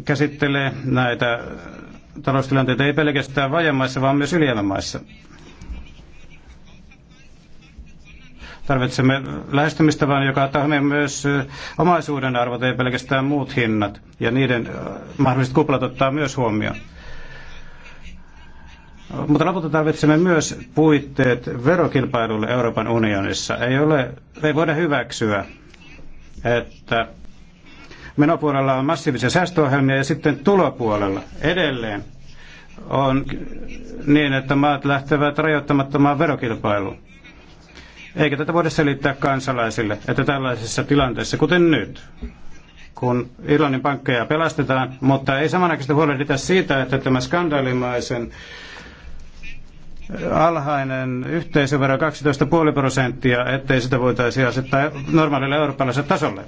Speaker 2: käsittelee näitä taloustilanteita ei pelkästään vajamaissa, vaan myös ylijäämämaissa. Tarvitsemme lähestymistavan, joka ottaa myös omaisuuden arvot, ei pelkästään muut hinnat. Ja niiden mahdolliset kuplat ottaa myös huomioon. Mutta lopulta tarvitsemme myös puitteet verokilpailulle Euroopan unionissa. Ei, ole, ei voida hyväksyä, että menopuolella on massiivisia säästöohjelmia ja sitten tulopuolella edelleen on niin, että maat lähtevät rajoittamattomaan verokilpailuun. Eikä tätä voida selittää kansalaisille, että tällaisessa tilanteessa, kuten nyt, kun Irlannin pankkeja pelastetaan, mutta ei samanaikaisesti huolehdita siitä, että tämä skandaalimaisen alhainen yhteisövero 12,5 prosenttia, ettei sitä voitaisiin asettaa normaalille eurooppalaiselle tasolle.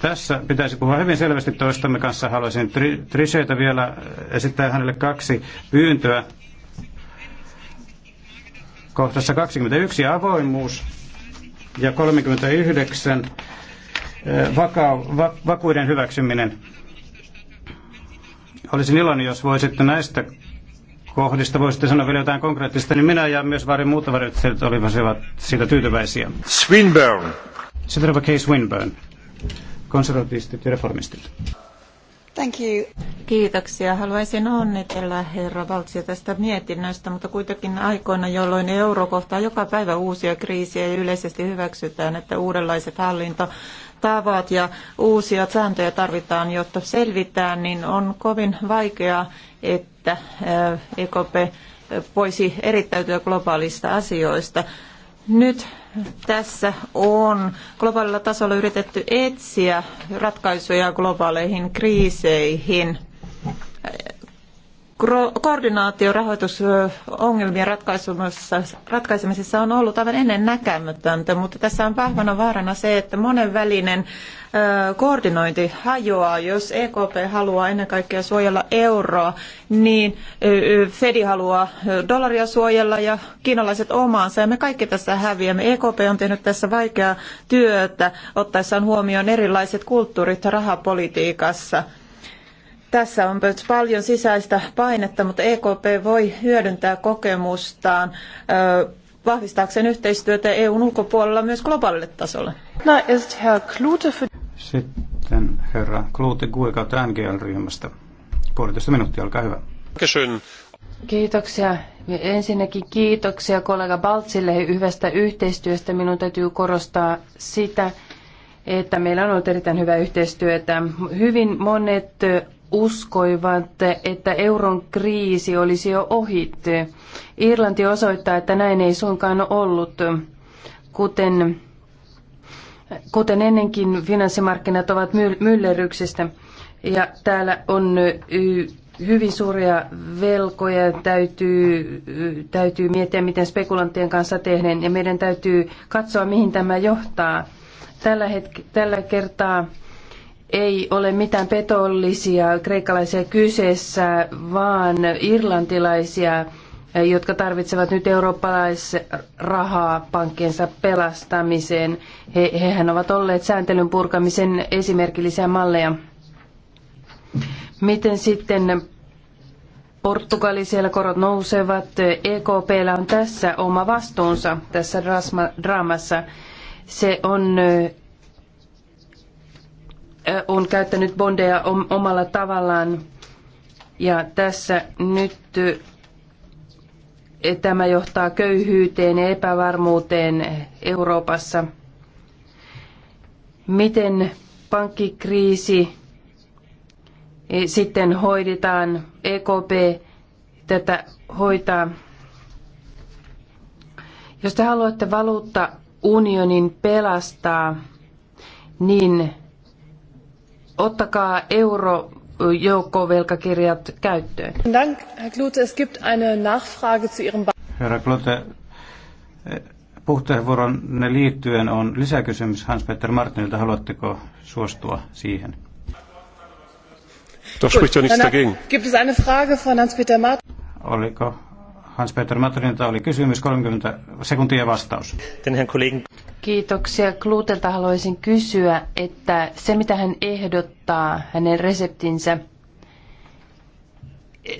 Speaker 2: Tässä pitäisi puhua hyvin selvästi toistamme kanssa. Haluaisin tri- Trisheitä vielä esittää hänelle kaksi pyyntöä. Kohtassa 21 avoimuus ja 39 eh, vaka- va- vakuuden hyväksyminen. Olisin iloinen, jos voisitte näistä kohdista voisitte sanoa vielä jotain konkreettista, niin minä ja myös varin muut varjoittajat olivat siitä tyytyväisiä. Swinburne. Sitten Swinburne konservatiivistit ja reformistit.
Speaker 6: Thank you. Kiitoksia. Haluaisin onnitella herra Valtsia tästä mietinnöstä, mutta kuitenkin aikoina, jolloin euro kohtaa joka päivä uusia kriisiä ja yleisesti hyväksytään, että uudenlaiset hallinto tavat ja uusia sääntöjä tarvitaan, jotta selvitään, niin on kovin vaikeaa, että EKP voisi erittäytyä globaalista asioista. Nyt tässä on globaalilla tasolla yritetty etsiä ratkaisuja globaaleihin kriiseihin koordinaatio rahoitusongelmien ratkaisemisessa on ollut aivan ennen näkämätöntä, mutta tässä on vahvana vaarana se, että monenvälinen koordinointi hajoaa. Jos EKP haluaa ennen kaikkea suojella euroa, niin Fedi haluaa dollaria suojella ja kiinalaiset omaansa. Ja me kaikki tässä häviämme. EKP on tehnyt tässä vaikeaa työtä ottaessaan huomioon erilaiset kulttuurit rahapolitiikassa tässä on myös paljon sisäistä painetta, mutta EKP voi hyödyntää kokemustaan vahvistaakseen yhteistyötä EUn ulkopuolella myös globaalille tasolle.
Speaker 2: Sitten herra Klute Guikalta NGL-ryhmästä. Puolitoista minuuttia, olkaa hyvä.
Speaker 4: Kysyn.
Speaker 1: Kiitoksia. Ensinnäkin kiitoksia kollega Baltsille hyvästä yhteistyöstä. Minun täytyy korostaa sitä, että meillä on ollut erittäin hyvää yhteistyötä. Hyvin monet uskoivat, että euron kriisi olisi jo ohi. Irlanti osoittaa, että näin ei suinkaan ollut. Kuten, kuten ennenkin, finanssimarkkinat ovat myllerryksistä. Ja täällä on hyvin suuria velkoja, täytyy, täytyy miettiä, miten spekulanttien kanssa tehdään, ja meidän täytyy katsoa, mihin tämä johtaa. Tällä, hetke, tällä kertaa ei ole mitään petollisia kreikkalaisia kyseessä, vaan irlantilaisia, eh, jotka tarvitsevat nyt eurooppalaisrahaa pankkiensa pelastamiseen. He, hehän ovat olleet sääntelyn purkamisen esimerkillisiä malleja. Miten sitten Portugali siellä korot nousevat, EKPllä on tässä oma vastuunsa tässä draamassa. Se on eh, on käyttänyt bondeja omalla tavallaan. Ja tässä nyt e, tämä johtaa köyhyyteen ja epävarmuuteen Euroopassa. Miten pankkikriisi e, sitten hoidetaan? EKP tätä hoitaa. Jos te haluatte valuutta unionin pelastaa, niin
Speaker 3: ottakaa euro
Speaker 1: joukkovelkakirjat käyttöön.
Speaker 3: Dank, Herr Klute. Es gibt eine Nachfrage zu Ihrem...
Speaker 2: Herra Klute, eh, puheenvuoronne liittyen on lisäkysymys Hans-Peter Martinilta. Haluatteko suostua siihen? Das spricht ja nichts dagegen.
Speaker 3: Gibt es eine Frage von Hans-Peter Martin?
Speaker 2: Oliko Hans-Peter Martinilta oli kysymys 30 sekuntia vastaus. Den Herrn Kollegen
Speaker 1: Kiitoksia. Kluutelta haluaisin kysyä, että se mitä hän ehdottaa, hänen reseptinsä,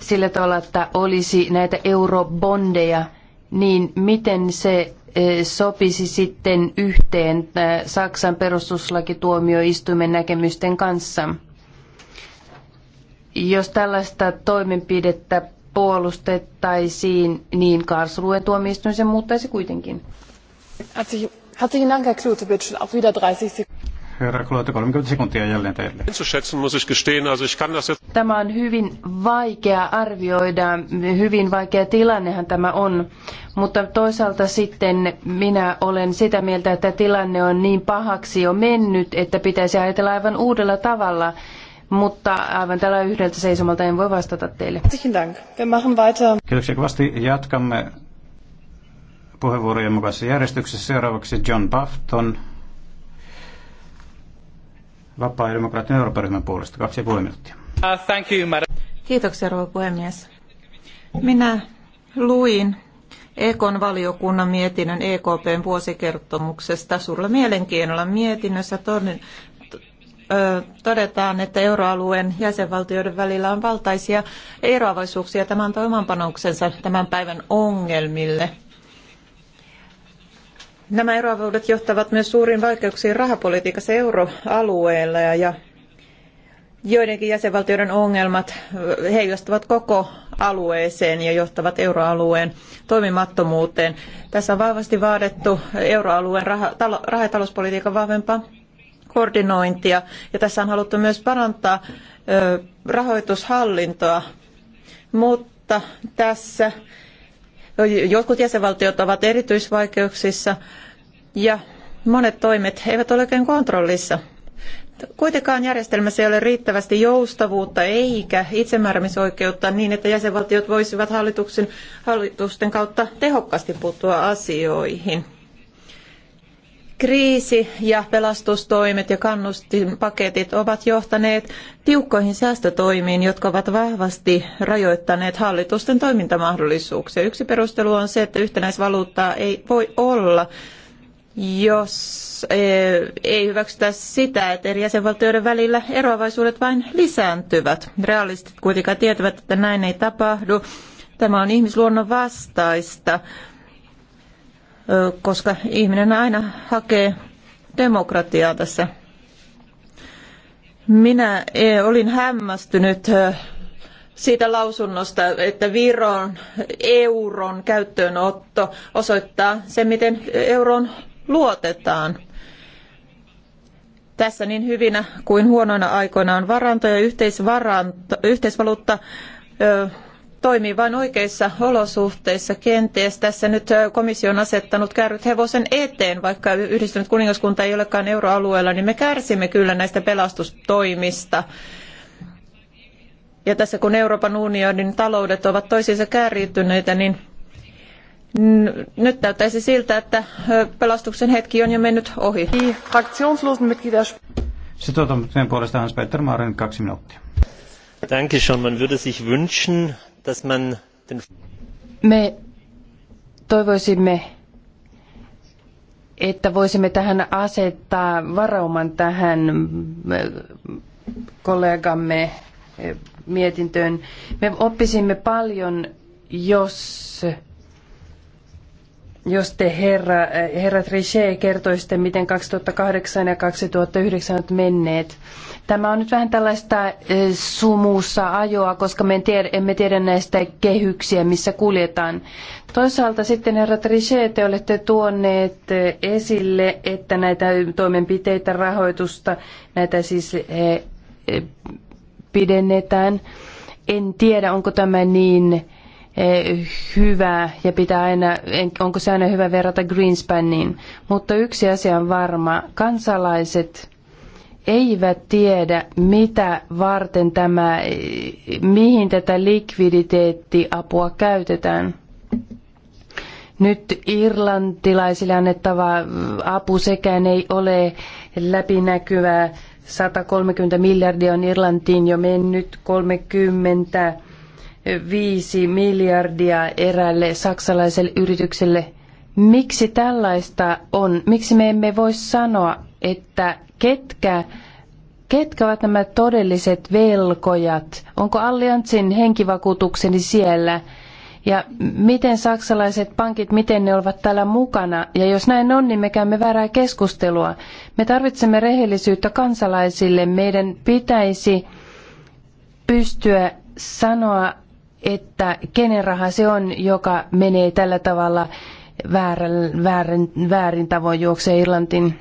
Speaker 1: sillä tavalla, että olisi näitä eurobondeja, niin miten se eh, sopisi sitten yhteen eh, Saksan perustuslakituomioistuimen näkemysten kanssa? Jos tällaista toimenpidettä puolustettaisiin, niin Karlsruhen tuomioistuin sen muuttaisi kuitenkin.
Speaker 3: Herzlichen Dank, Herr Auch wieder 30
Speaker 2: Herra Klute, 30
Speaker 4: sekuntia jälleen teille.
Speaker 3: Tämä on hyvin vaikea
Speaker 1: arvioida, hyvin vaikea tilannehan tämä on, mutta toisaalta sitten minä olen sitä mieltä, että tilanne on niin pahaksi jo mennyt, että pitäisi ajatella aivan uudella tavalla mutta aivan tällä yhdeltä seisomalta en voi vastata teille.
Speaker 2: Kiitoksia kovasti. Jatkamme puheenvuorojen mukaisessa järjestyksessä. Seuraavaksi John Bafton, Vapaa- ja demokraattinen Euroopan puolesta. Kaksi ja puoli minuuttia. Uh, thank you, madam.
Speaker 6: Kiitoksia, rouva puhemies. Minä luin Ekon valiokunnan mietinnön EKPn vuosikertomuksesta suurella mielenkiinnolla. Mietinnössä toden, todetaan, että euroalueen jäsenvaltioiden välillä on valtaisia eroavaisuuksia tämän toimanpanoksensa tämän päivän ongelmille. Nämä eroavuudet johtavat myös suuriin vaikeuksiin rahapolitiikassa euroalueella ja joidenkin jäsenvaltioiden ongelmat heijastuvat koko alueeseen ja johtavat euroalueen toimimattomuuteen. Tässä on vahvasti vaadittu euroalueen raha, ja talouspolitiikan vahvempaa koordinointia ja tässä on haluttu myös parantaa rahoitushallintoa, mutta tässä No, jotkut jäsenvaltiot ovat erityisvaikeuksissa ja monet toimet eivät ole oikein kontrollissa. Kuitenkaan järjestelmässä ei ole riittävästi joustavuutta eikä itsemääräämisoikeutta niin, että jäsenvaltiot voisivat hallituksen, hallitusten kautta tehokkaasti puuttua asioihin. Kriisi ja pelastustoimet ja kannustinpaketit ovat johtaneet tiukkoihin säästötoimiin, jotka ovat vahvasti rajoittaneet hallitusten toimintamahdollisuuksia. Yksi perustelu on se, että yhtenäisvaluuttaa ei voi olla, jos eh, ei hyväksytä sitä, että eri jäsenvaltioiden välillä eroavaisuudet vain lisääntyvät. Realistit kuitenkaan tietävät, että näin ei tapahdu. Tämä on ihmisluonnon vastaista koska ihminen aina hakee demokratiaa tässä. Minä e, olin hämmästynyt siitä lausunnosta, että Viron euron käyttöönotto osoittaa sen, miten euron luotetaan. Tässä niin hyvinä kuin huonoina aikoina on varanto ja yhteisvaluutta toimii vain oikeissa olosuhteissa. Kenties tässä nyt komissio on asettanut kärryt hevosen eteen, vaikka yhdistynyt kuningaskunta ei olekaan euroalueella, niin me kärsimme kyllä näistä pelastustoimista. Ja tässä kun Euroopan unionin taloudet ovat toisiinsa kärjittyneitä, niin nyt näyttäisi siltä, että pelastuksen hetki on jo mennyt ohi.
Speaker 2: Sitoutumisen puolesta Hans-Peter Maarin kaksi minuuttia. Danke schon, man würde sich wünschen,
Speaker 1: me toivoisimme, että voisimme tähän asettaa varauman tähän äh, kollegamme äh, mietintöön. Me oppisimme paljon, jos, jos te herra, äh, herra Trichet kertoisitte, miten 2008 ja 2009 ovat menneet. Tämä on nyt vähän tällaista eh, sumussa ajoa, koska me tiedä, emme tiedä näistä kehyksiä, missä kuljetaan. Toisaalta sitten, herra Trichet, te olette tuoneet eh, esille, että näitä toimenpiteitä, rahoitusta, näitä siis eh, pidennetään. En tiedä, onko tämä niin hyvä ja pitää aina, onko se aina hyvä verrata Greenspaniin, mutta yksi asia on varma, kansalaiset eivät tiedä, mitä varten tämä, mihin tätä likviditeettiapua käytetään. Nyt irlantilaisille annettava apu sekään ei ole läpinäkyvää. 130 miljardia on Irlantiin jo mennyt, 35 miljardia erälle saksalaiselle yritykselle. Miksi tällaista on? Miksi me emme voi sanoa, että ketkä, ketkä ovat nämä todelliset velkojat? Onko Allianzin henkivakuutukseni siellä? Ja miten saksalaiset pankit, miten ne ovat täällä mukana? Ja jos näin on, niin me käymme väärää keskustelua. Me tarvitsemme rehellisyyttä kansalaisille. Meidän pitäisi pystyä sanoa, että kenen raha se on, joka menee tällä tavalla väärän, väärin, väärin tavoin juokseen Irlantin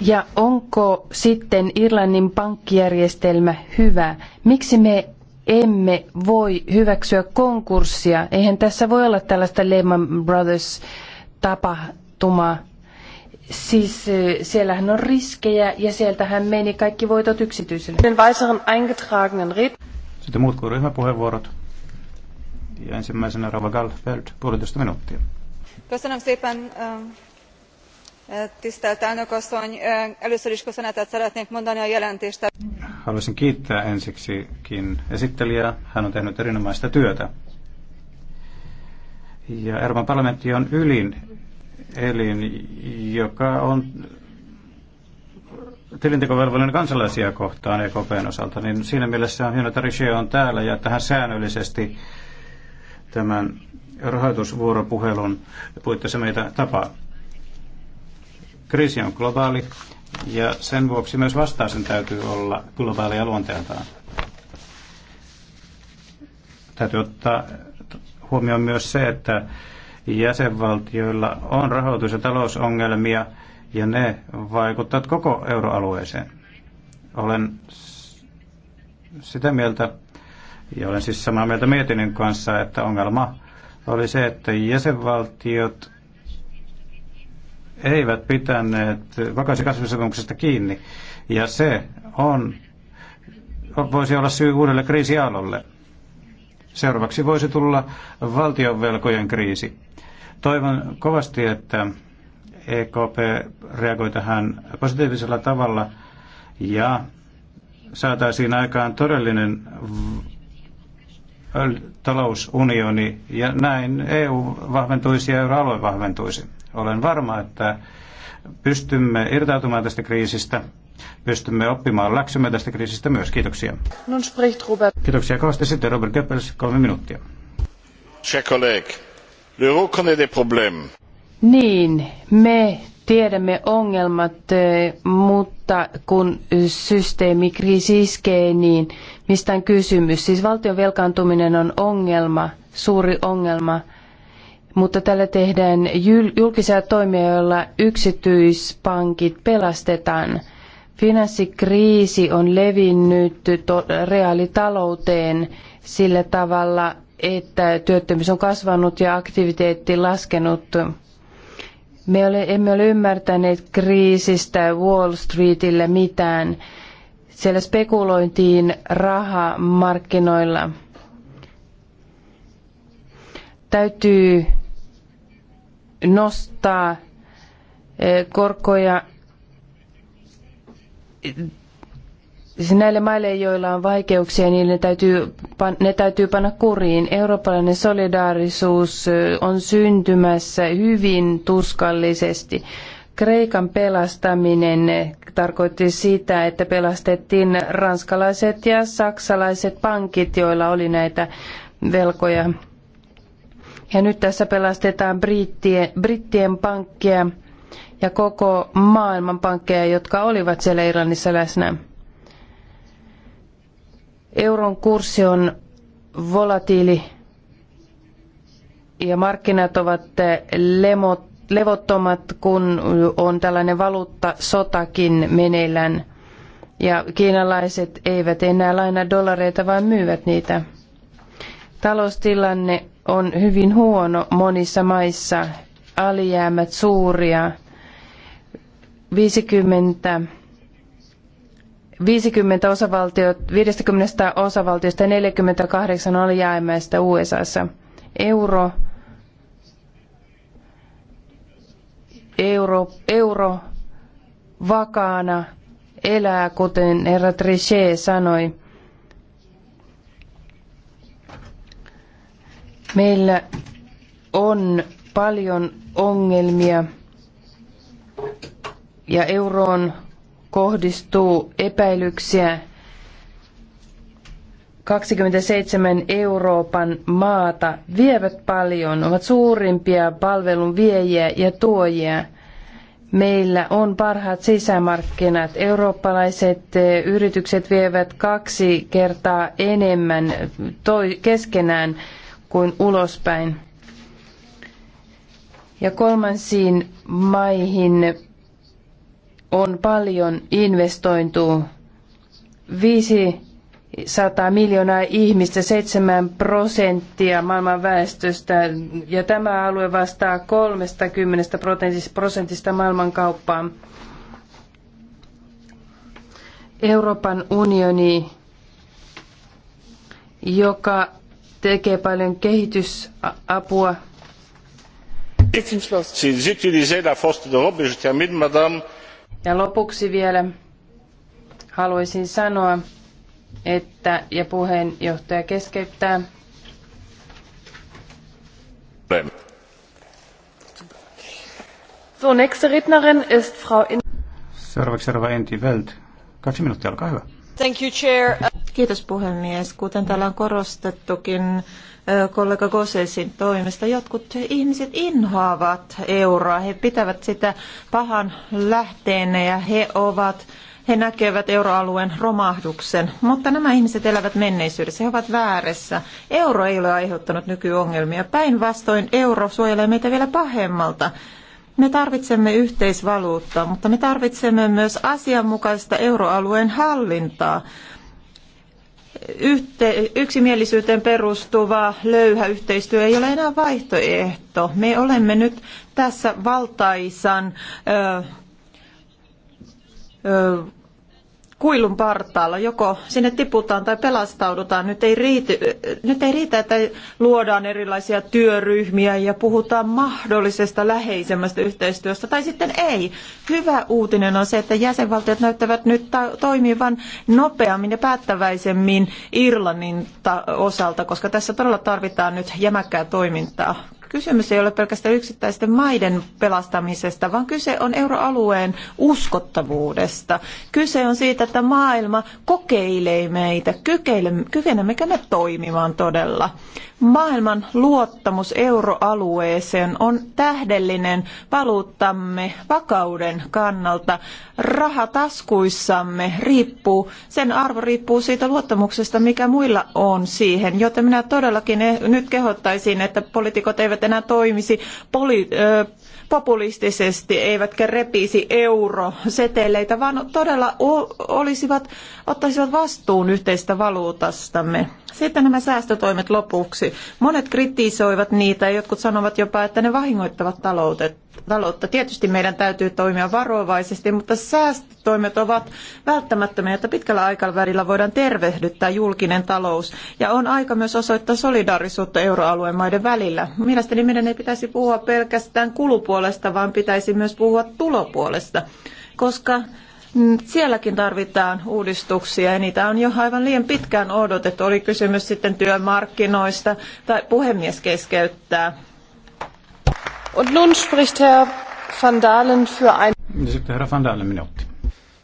Speaker 1: ja onko sitten Irlannin pankkijärjestelmä hyvä? Miksi me emme voi hyväksyä konkurssia? Eihän tässä voi olla tällaista Lehman Brothers-tapahtumaa. Siis siellähän on riskejä ja sieltähän meni kaikki voitot yksityisille.
Speaker 2: Sitten muut kuin ryhmäpuheenvuorot. Ja ensimmäisenä Rava Galfeld, puolitoista minuuttia.
Speaker 6: Köszönöm tisztelt elnök asszony!
Speaker 4: először is köszönetet szeretnék mondani a jelentéstevőnek.
Speaker 2: haluaisin kiittää ensiksikin esittelijää hän on tehnyt erinomaista työtä. Ja Euroopan parlamentti on ylin elin, joka on tilintekovelvollinen kansalaisia kohtaan EKPn osalta, niin siinä mielessä on hienoa, että Riche on täällä ja tähän säännöllisesti tämän rahoitusvuoropuhelun puitteissa meitä tapaa. Kriisi on globaali ja sen vuoksi myös vastaisen täytyy olla globaalia luonteeltaan. Täytyy ottaa huomioon myös se, että jäsenvaltioilla on rahoitus- ja talousongelmia ja ne vaikuttavat koko euroalueeseen. Olen sitä mieltä, ja olen siis samaa mieltä mietinnön kanssa, että ongelma oli se, että jäsenvaltiot eivät pitäneet vakaisen kasvusopimuksesta kiinni. Ja se on, voisi olla syy uudelle kriisialolle. Seuraavaksi voisi tulla valtionvelkojen kriisi. Toivon kovasti, että EKP reagoi tähän positiivisella tavalla ja saataisiin aikaan todellinen talousunioni ja näin EU vahventuisi ja euroalue vahventuisi. Olen varma, että pystymme irtautumaan tästä kriisistä, pystymme oppimaan läksymme tästä kriisistä myös. Kiitoksia.
Speaker 3: Nun spricht Robert.
Speaker 2: Kiitoksia kovasti. Sitten Robert Goebbels, kolme minuuttia. Chers collègues, l'euro connaît des problèmes.
Speaker 1: Niin, me tiedämme ongelmat, eh, mutta kun systeemikriisi iskee, niin mistä on kysymys? Siis valtion velkaantuminen on ongelma, suuri ongelma – mutta tällä tehdään julkisia toimia, joilla yksityispankit pelastetaan. Finanssikriisi on levinnyt reaalitalouteen sillä tavalla, että työttömyys on kasvanut ja aktiviteetti laskenut. Me emme ole ymmärtäneet kriisistä Wall Streetillä mitään. Siellä spekulointiin rahamarkkinoilla. Täytyy nostaa eh, korkoja siis näille maille, joilla on vaikeuksia, niin ne täytyy, ne täytyy panna kuriin. Eurooppalainen solidaarisuus eh, on syntymässä hyvin tuskallisesti. Kreikan pelastaminen eh, tarkoitti sitä, että pelastettiin ranskalaiset ja saksalaiset pankit, joilla oli näitä velkoja ja nyt tässä pelastetaan brittien, brittien pankkeja ja koko maailman pankkeja, jotka olivat siellä Irlannissa läsnä. Euron kurssi on volatiili ja markkinat ovat eh, lemot, levottomat, kun on tällainen valuutta sotakin meneillään. Ja kiinalaiset eivät enää laina dollareita, vaan myyvät niitä. Taloustilanne on hyvin huono monissa maissa, alijäämät suuria. 50 50 osavaltiot, 50 osavaltiosta 48 oli jäämäistä USAssa. Euro, euro, euro vakaana elää, kuten herra Trichet sanoi. Meillä on paljon ongelmia ja euroon kohdistuu epäilyksiä 27 Euroopan maata vievät paljon, ovat suurimpia palvelun viejiä ja tuojia. Meillä on parhaat sisämarkkinat. Eurooppalaiset eh, yritykset vievät kaksi kertaa enemmän keskenään kuin ulospäin. Ja kolmansiin maihin on paljon investointu. 500 miljoonaa ihmistä, 7 prosenttia maailman väestöstä ja tämä alue vastaa 30 prosentista maailmankauppaan. Euroopan unioni, joka tekee paljon kehitysapua. Ja lopuksi vielä haluaisin sanoa, että ja puheenjohtaja
Speaker 3: keskeyttää.
Speaker 6: So, nächste Rednerin ist Frau In
Speaker 2: Seuraavaksi Rova Enti Welt. Kaksi minuuttia, olkaa hyvä.
Speaker 6: Kiitos puhemies. Kuten täällä on korostettukin kollega Gosesin toimesta, jotkut ihmiset inhoavat euroa. He pitävät sitä pahan lähteenä ja he ovat he näkevät euroalueen romahduksen, mutta nämä ihmiset elävät menneisyydessä, he ovat väärässä. Euro ei ole aiheuttanut nykyongelmia, päinvastoin euro suojelee meitä vielä pahemmalta. Me tarvitsemme yhteisvaluuttaa, mutta me tarvitsemme myös asianmukaista euroalueen hallintaa. Yhte, yksimielisyyteen perustuva löyhä yhteistyö ei ole enää vaihtoehto. Me olemme nyt tässä valtaisan ö, ö, kuilun partaalla. Joko sinne tiputaan tai pelastaudutaan. Nyt ei, riity, nyt ei riitä, että luodaan erilaisia työryhmiä ja puhutaan mahdollisesta läheisemmästä yhteistyöstä, tai sitten ei. Hyvä uutinen on se, että jäsenvaltiot näyttävät nyt toimivan nopeammin ja päättäväisemmin Irlannin osalta, koska tässä todella tarvitaan nyt jämäkkää toimintaa. Kysymys ei ole pelkästään yksittäisten maiden pelastamisesta, vaan kyse on euroalueen uskottavuudesta. Kyse on siitä, että maailma kokeilee meitä, kykenemmekö me toimimaan todella. Maailman luottamus euroalueeseen on tähdellinen valuuttamme vakauden kannalta. Raha taskuissamme riippuu, sen arvo riippuu siitä luottamuksesta, mikä muilla on siihen, joten minä todellakin eh- nyt kehottaisin, että poliitikot eivät eivät enää toimisi poli, ö, populistisesti, eivätkä repisi euroseteleitä, vaan todella olisivat, ottaisivat vastuun yhteistä valuutastamme. Sitten nämä säästötoimet lopuksi. Monet kritisoivat niitä ja jotkut sanovat jopa, että ne vahingoittavat taloutta taloutta. Tietysti meidän täytyy toimia varovaisesti, mutta säästötoimet ovat välttämättömiä, että pitkällä aikavälillä voidaan tervehdyttää julkinen talous. Ja on aika myös osoittaa solidaarisuutta euroalueen maiden välillä. Mielestäni meidän ei pitäisi puhua pelkästään kulupuolesta, vaan pitäisi myös puhua tulopuolesta, koska Sielläkin tarvitaan uudistuksia ja niitä on jo aivan liian pitkään odotettu. Oli kysymys sitten työmarkkinoista tai puhemies keskeyttää
Speaker 3: Van Dalen
Speaker 2: herra Van Dalen,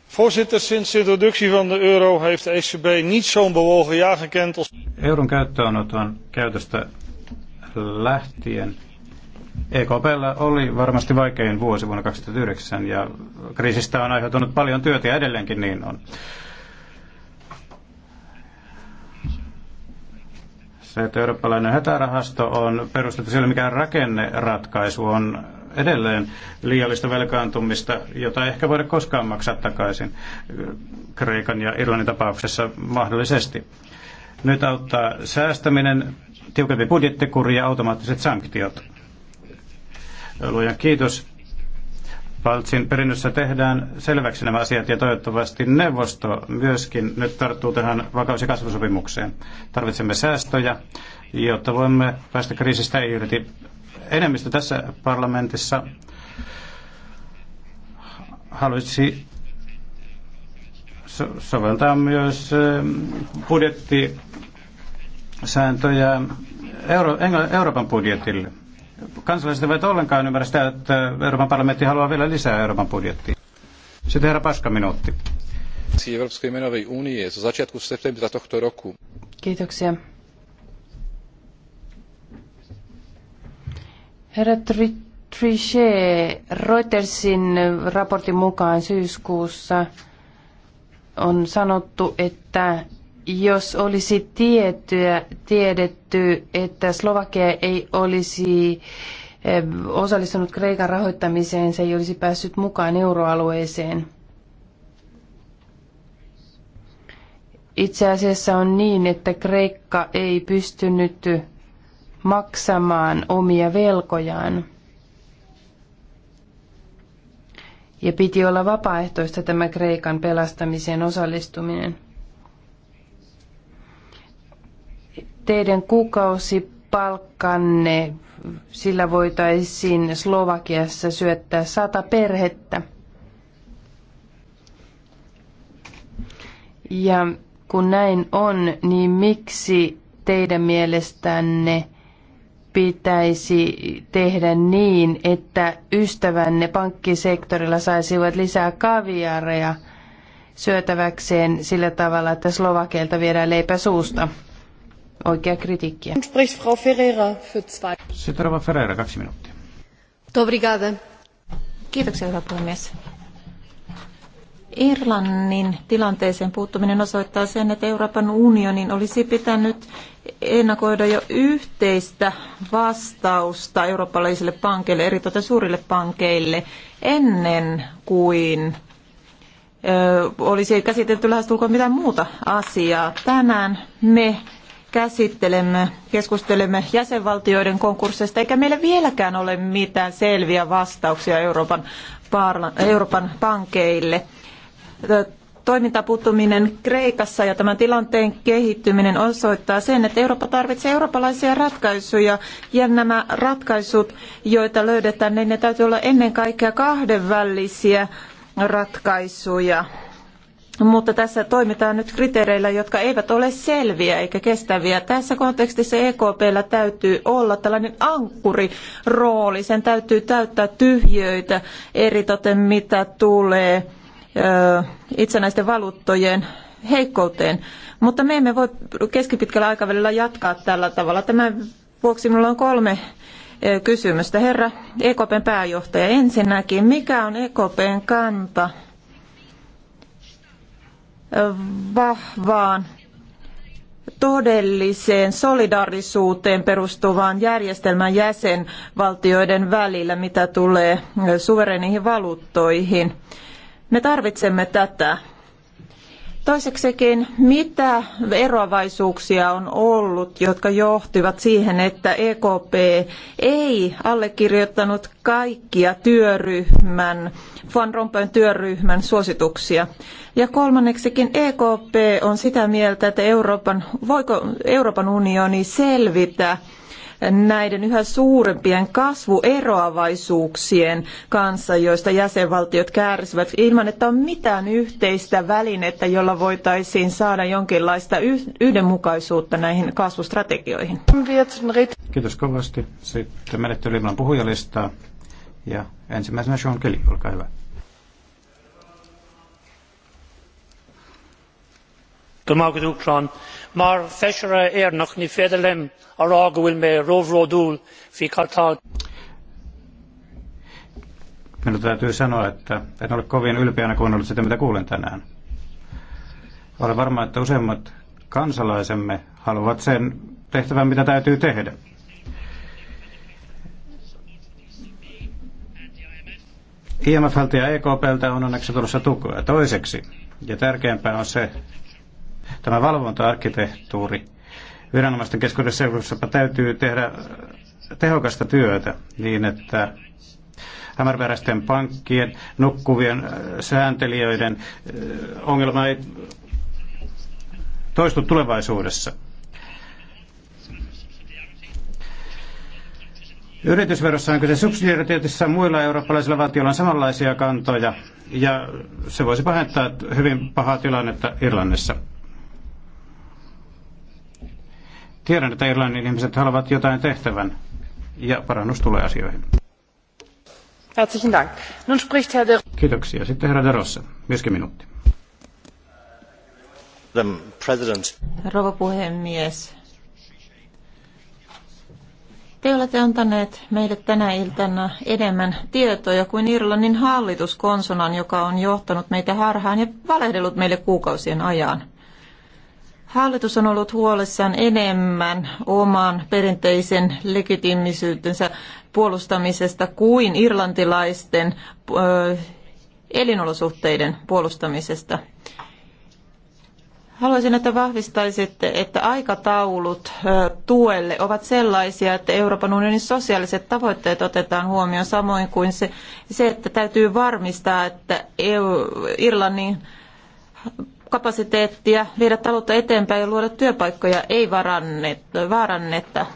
Speaker 2: Voorzitter, sinds de introductie van de euro heeft de ECB niet zo'n bewogen jaar gekend als... Euron käyttöönoton käytöstä lähtien EKPllä oli varmasti vaikein vuosi vuonna 2009 ja kriisistä on aiheutunut paljon työtä ja edelleenkin niin on. se, että eurooppalainen hätärahasto on perustettu siellä, mikä rakenneratkaisu on edelleen liiallista velkaantumista, jota ehkä voida koskaan maksaa takaisin Kreikan ja Irlannin tapauksessa mahdollisesti. Nyt auttaa säästäminen, tiukempi budjettikuri ja automaattiset sanktiot. Luojan kiitos. Paltsin perinnössä tehdään selväksi nämä asiat ja toivottavasti neuvosto myöskin nyt tarttuu tähän vakaus- ja kasvusopimukseen. Tarvitsemme säästöjä, jotta voimme päästä kriisistä irti. Enemmistö tässä parlamentissa haluaisi so- soveltaa myös ähm, budjettisääntöjä Euro- Euroopan budjetille kansalaiset eivät ollenkaan ymmärrä sitä, että Euroopan parlamentti haluaa vielä lisää Euroopan budjettiin. Sitten herra Paska minuutti. Kiitoksia.
Speaker 1: Herra Trichet, Reutersin raportin mukaan syyskuussa on sanottu, että jos olisi tiettyä, tiedetty, että Slovakia ei olisi osallistunut Kreikan rahoittamiseen, se ei olisi päässyt mukaan euroalueeseen. Itse asiassa on niin, että Kreikka ei pystynyt maksamaan omia velkojaan. Ja piti olla vapaaehtoista tämä Kreikan pelastamiseen osallistuminen. teidän kuukausipalkkanne, sillä voitaisiin Slovakiassa syöttää sata perhettä. Ja kun näin on, niin miksi teidän mielestänne pitäisi tehdä niin, että ystävänne pankkisektorilla saisivat lisää kaviareja syötäväkseen sillä tavalla, että Slovakialta viedään leipä suusta?
Speaker 2: oikea kritiikkiä. Sitten Ferreira, kaksi minuuttia.
Speaker 6: Obrigada. Kiitoksia, hyvä puhemies. Irlannin tilanteeseen puuttuminen osoittaa sen, että Euroopan unionin olisi pitänyt ennakoida jo yhteistä vastausta eurooppalaisille pankeille, erityisesti suurille pankeille, ennen kuin ö, olisi käsitelty lähestulkoon mitään muuta asiaa. Tänään me käsittelemme, keskustelemme jäsenvaltioiden konkursseista, eikä meillä vieläkään ole mitään selviä vastauksia Euroopan, Euroopan pankeille. Toimintaputtuminen Kreikassa ja tämän tilanteen kehittyminen osoittaa sen, että Eurooppa tarvitsee eurooppalaisia ratkaisuja ja nämä ratkaisut, joita löydetään, niin ne täytyy olla ennen kaikkea kahdenvälisiä ratkaisuja mutta tässä toimitaan nyt kriteereillä, jotka eivät ole selviä eikä kestäviä. Tässä kontekstissa EKPllä täytyy olla tällainen ankkurirooli. Sen täytyy täyttää tyhjöitä eritoten mitä tulee ö, itsenäisten valuuttojen heikkouteen. Mutta me emme voi keskipitkällä aikavälillä jatkaa tällä tavalla. Tämän vuoksi minulla on kolme kysymystä. Herra EKPn pääjohtaja, ensinnäkin, mikä on EKPn kanta vahvaan todelliseen solidaarisuuteen perustuvaan järjestelmän jäsenvaltioiden välillä, mitä tulee suvereniihin valuuttoihin. Me tarvitsemme tätä. Toiseksikin, mitä eroavaisuuksia on ollut, jotka johtivat siihen, että EKP ei allekirjoittanut kaikkia työryhmän Van Rompuyn työryhmän suosituksia. Ja kolmanneksikin EKP on sitä mieltä, että Euroopan, voiko Euroopan unioni selvitä näiden yhä suurempien kasvueroavaisuuksien kanssa, joista jäsenvaltiot kärsivät, ilman että on mitään yhteistä välinettä, jolla voitaisiin saada jonkinlaista yhdenmukaisuutta näihin kasvustrategioihin.
Speaker 2: Kiitos kovasti. Sitten menettely ilman puhujalistaa. Ja ensimmäisenä Sean Kelly, olkaa hyvä. Mar feshere érnach ni fedelem ar ágahfuil me rovrodúl fi Qatar. Minun täytyy sanoa, että en ole kovin ylpeänä kuunnellut sitä, mitä kuulen tänään. Olen varma, että useimmat kansalaisemme haluavat sen tehtävän, mitä täytyy tehdä. IMF ja EKPltä on onneksi tulossa tukea. Toiseksi, ja tärkeämpää on se, tämä valvonta-arkkitehtuuri viranomaisten keskuudessa täytyy tehdä äh, tehokasta työtä niin, että hämärväräisten pankkien, nukkuvien äh, sääntelijöiden äh, ongelma ei toistu tulevaisuudessa. Yritysverossa on kyse subsidiariteetissa muilla eurooppalaisilla valtioilla on samanlaisia kantoja ja se voisi pahentaa hyvin pahaa tilannetta Irlannissa. Tiedän, että Irlannin ihmiset haluavat jotain tehtävän ja parannus tulee asioihin.
Speaker 6: Herzlichen Dank. Nun spricht Herr de...
Speaker 2: Kiitoksia. Sitten herra De Rossa. Myöskin minuutti.
Speaker 6: Rouva puhemies, te olette antaneet meille tänä iltana enemmän tietoja kuin Irlannin hallituskonsonan, joka on johtanut meitä harhaan ja valehdellut meille kuukausien ajan. Hallitus on ollut huolissaan enemmän oman perinteisen legitimisyytensä puolustamisesta kuin irlantilaisten ö, elinolosuhteiden puolustamisesta. Haluaisin, että vahvistaisitte, että aikataulut tuelle ovat sellaisia, että Euroopan unionin sosiaaliset tavoitteet otetaan huomioon, samoin kuin se, se että täytyy varmistaa, että EU, Irlannin kapasiteettia viedä taloutta eteenpäin ja luoda työpaikkoja ei varanneta, vaaranneta.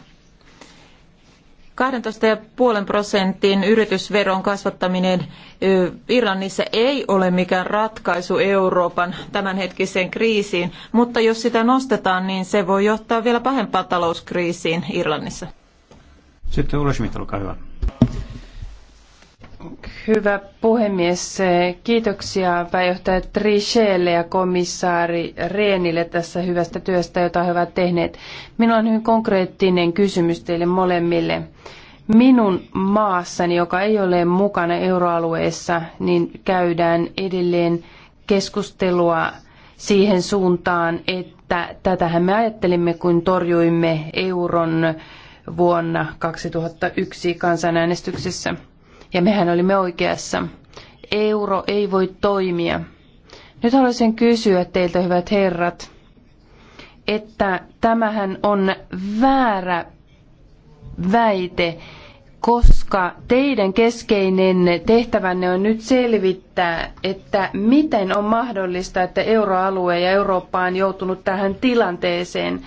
Speaker 6: 12,5 prosentin yritysveron kasvattaminen Irlannissa ei ole mikään ratkaisu Euroopan tämänhetkiseen kriisiin, mutta jos sitä nostetaan, niin se voi johtaa vielä pahempaan talouskriisiin Irlannissa.
Speaker 2: Sitten Ulla Schmidt, olkaa hyvä.
Speaker 1: Hyvä puhemies. Kiitoksia pääjohtaja Trichelle ja komissaari Reenille tässä hyvästä työstä, jota he ovat tehneet. Minulla on hyvin konkreettinen kysymys teille molemmille. Minun maassani, joka ei ole mukana euroalueessa, niin käydään edelleen keskustelua siihen suuntaan, että tätähän me ajattelimme, kun torjuimme euron vuonna 2001 kansanäänestyksessä ja mehän olimme oikeassa. Euro ei voi toimia. Nyt haluaisin kysyä teiltä, hyvät herrat, että tämähän on väärä väite, koska teidän keskeinen tehtävänne on nyt selvittää, että miten on mahdollista, että euroalue ja Eurooppa on joutunut tähän tilanteeseen.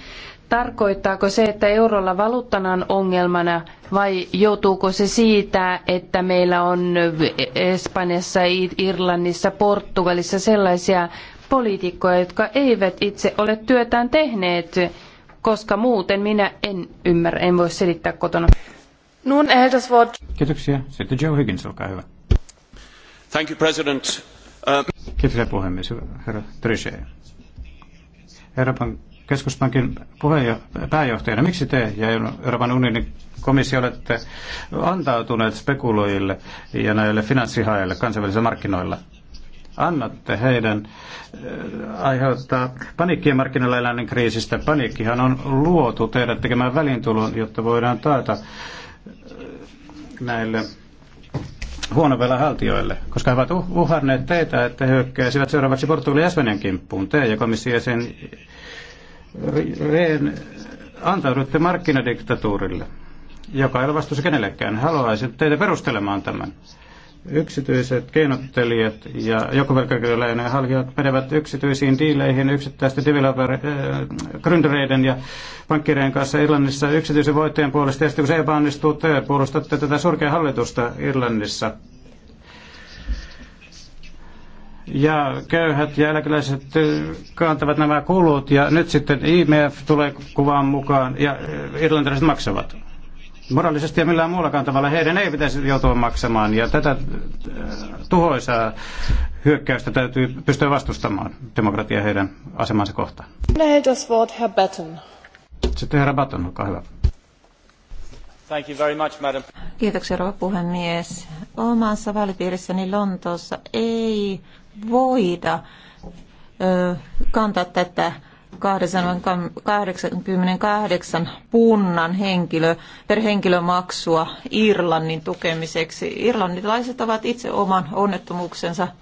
Speaker 1: Tarkoittaako se, että eurolla valuuttana on ongelmana vai joutuuko se siitä, että meillä on Espanjassa, Irlannissa, Portugalissa sellaisia poliitikkoja, jotka eivät itse ole työtään tehneet, koska muuten minä en ymmärrä, en voi selittää kotona.
Speaker 3: Nun erhält das
Speaker 1: Wort.
Speaker 2: Kiitoksia. Sitten Joe Higgins, olkaa hyvä. Thank you, President. Uh... Kiitoksia puhemies, herra Trichet. pank keskuspankin pääjohtajana, miksi te ja Euroopan unionin komissio olette antautuneet spekuloijille ja näille finanssihaajille kansainvälisillä markkinoilla? Annatte heidän äh, aiheuttaa paniikkien markkinoilla eläinen kriisistä. Paniikkihan on luotu teidän tekemään välintulon, jotta voidaan taata äh, näille huonovella haltijoille, koska he ovat uh-, uhanneet teitä, että he hyökkäisivät seuraavaksi Portugalin ja Espanjan kimppuun. Te ja komissio sen Rehn, antaudutte markkinadiktatuurille, joka ei ole vastuussa kenellekään. Haluaisin teitä perustelemaan tämän. Yksityiset keinottelijat ja jokuvelkakirjalainen halijat menevät yksityisiin diileihin yksittäisten developer, äh, ja pankkireiden kanssa Irlannissa yksityisen voittajan puolesta. Ja sitten kun se epäonnistuu, te puolustatte tätä surkea hallitusta Irlannissa ja köyhät ja eläkeläiset kantavat nämä kulut ja nyt sitten IMF tulee kuvaan mukaan ja irlantilaiset maksavat. Moraalisesti ja millään muullakaan tavalla heidän ei pitäisi joutua maksamaan ja tätä tuhoisaa hyökkäystä täytyy pystyä vastustamaan demokratia heidän asemansa kohtaan.
Speaker 6: Herr Batten.
Speaker 2: Sitten herra Batten, olkaa hyvä. Thank you very much, madam.
Speaker 6: Kiitoksia, rouva puhemies. Omassa vaalipiirissäni Lontoossa ei voida kantaa tätä 88 punnan henkilö, per henkilömaksua Irlannin tukemiseksi. Irlannilaiset ovat itse oman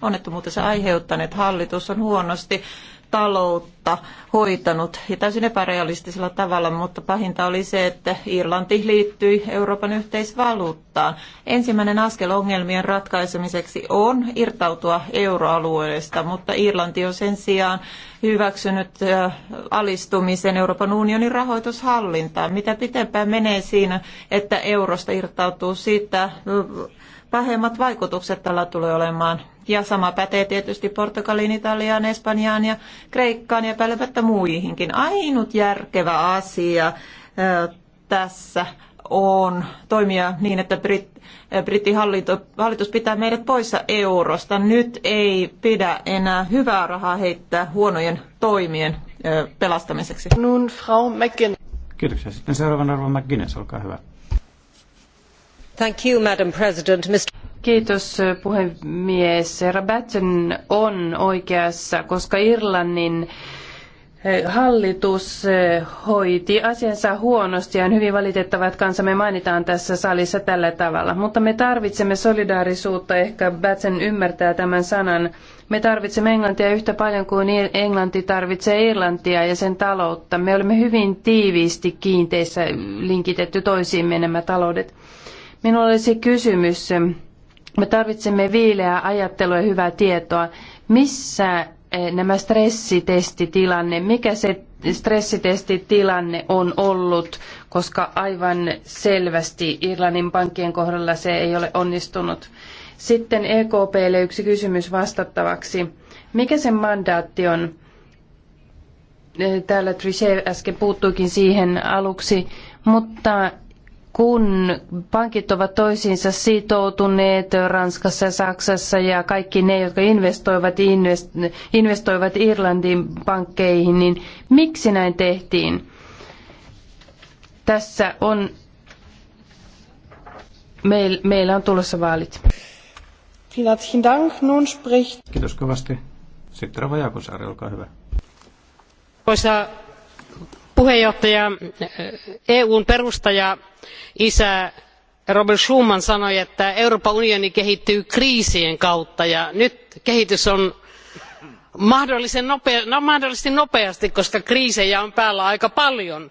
Speaker 6: onnettomuutensa aiheuttaneet. Hallitus on huonosti taloutta hoitanut ja täysin epärealistisella tavalla, mutta pahinta oli se, että Irlanti liittyi Euroopan yhteisvaluuttaan. Ensimmäinen askel ongelmien ratkaisemiseksi on irtautua euroalueesta, mutta Irlanti on sen sijaan hyväksynyt alistumisen Euroopan unionin rahoitushallintaan. Mitä pitempään menee siinä, että eurosta irtautuu siitä, pahemmat vaikutukset tällä tulee olemaan ja sama pätee tietysti Portugaliin, Italiaan, Espanjaan ja Kreikkaan ja päivättä muihinkin. Ainut järkevä asia tässä on toimia niin, että Brit, brittihallinto, hallitus pitää meidät poissa eurosta. Nyt ei pidä enää hyvää rahaa heittää huonojen toimien pelastamiseksi. Nun Frau McGinn.
Speaker 2: Kiitoksia. Sitten seuraavana Rova McGuinness, olkaa hyvä.
Speaker 6: Thank you, Madam President.
Speaker 1: Mr. Kiitos puhemies. Herra Batten on oikeassa, koska Irlannin eh, hallitus eh, hoiti asiansa huonosti ja on hyvin valitettavaa, että kansamme mainitaan tässä salissa tällä tavalla. Mutta me tarvitsemme solidaarisuutta, ehkä Batsen ymmärtää tämän sanan. Me tarvitsemme Englantia yhtä paljon kuin Englanti tarvitsee Irlantia ja sen taloutta. Me olemme hyvin tiiviisti kiinteissä linkitetty toisiimme nämä taloudet. Minulla olisi kysymys me tarvitsemme viileää ajattelua ja hyvää tietoa. Missä eh, nämä stressitestitilanne, mikä se stressitestitilanne on ollut, koska aivan selvästi Irlannin pankkien kohdalla se ei ole onnistunut. Sitten EKPlle yksi kysymys vastattavaksi. Mikä sen mandaatti on? Eh, täällä Trichet äsken puuttuikin siihen aluksi, mutta kun pankit ovat toisiinsa sitoutuneet Ranskassa ja Saksassa ja kaikki ne, jotka investoivat, investoivat Irlantin pankkeihin, niin miksi näin tehtiin? Tässä on, meil, meillä on tulossa
Speaker 5: vaalit. Herzlichen Dank, spricht.
Speaker 2: Kiitos kovasti. Sitten Rava Jaakonsaari, olkaa hyvä.
Speaker 5: Arvoisa puheenjohtaja eun perustajaisä robert schuman sanoi että euroopan unioni kehittyy kriisien kautta ja nyt kehitys on no mahdollisesti nopeasti koska kriisejä on päällä aika paljon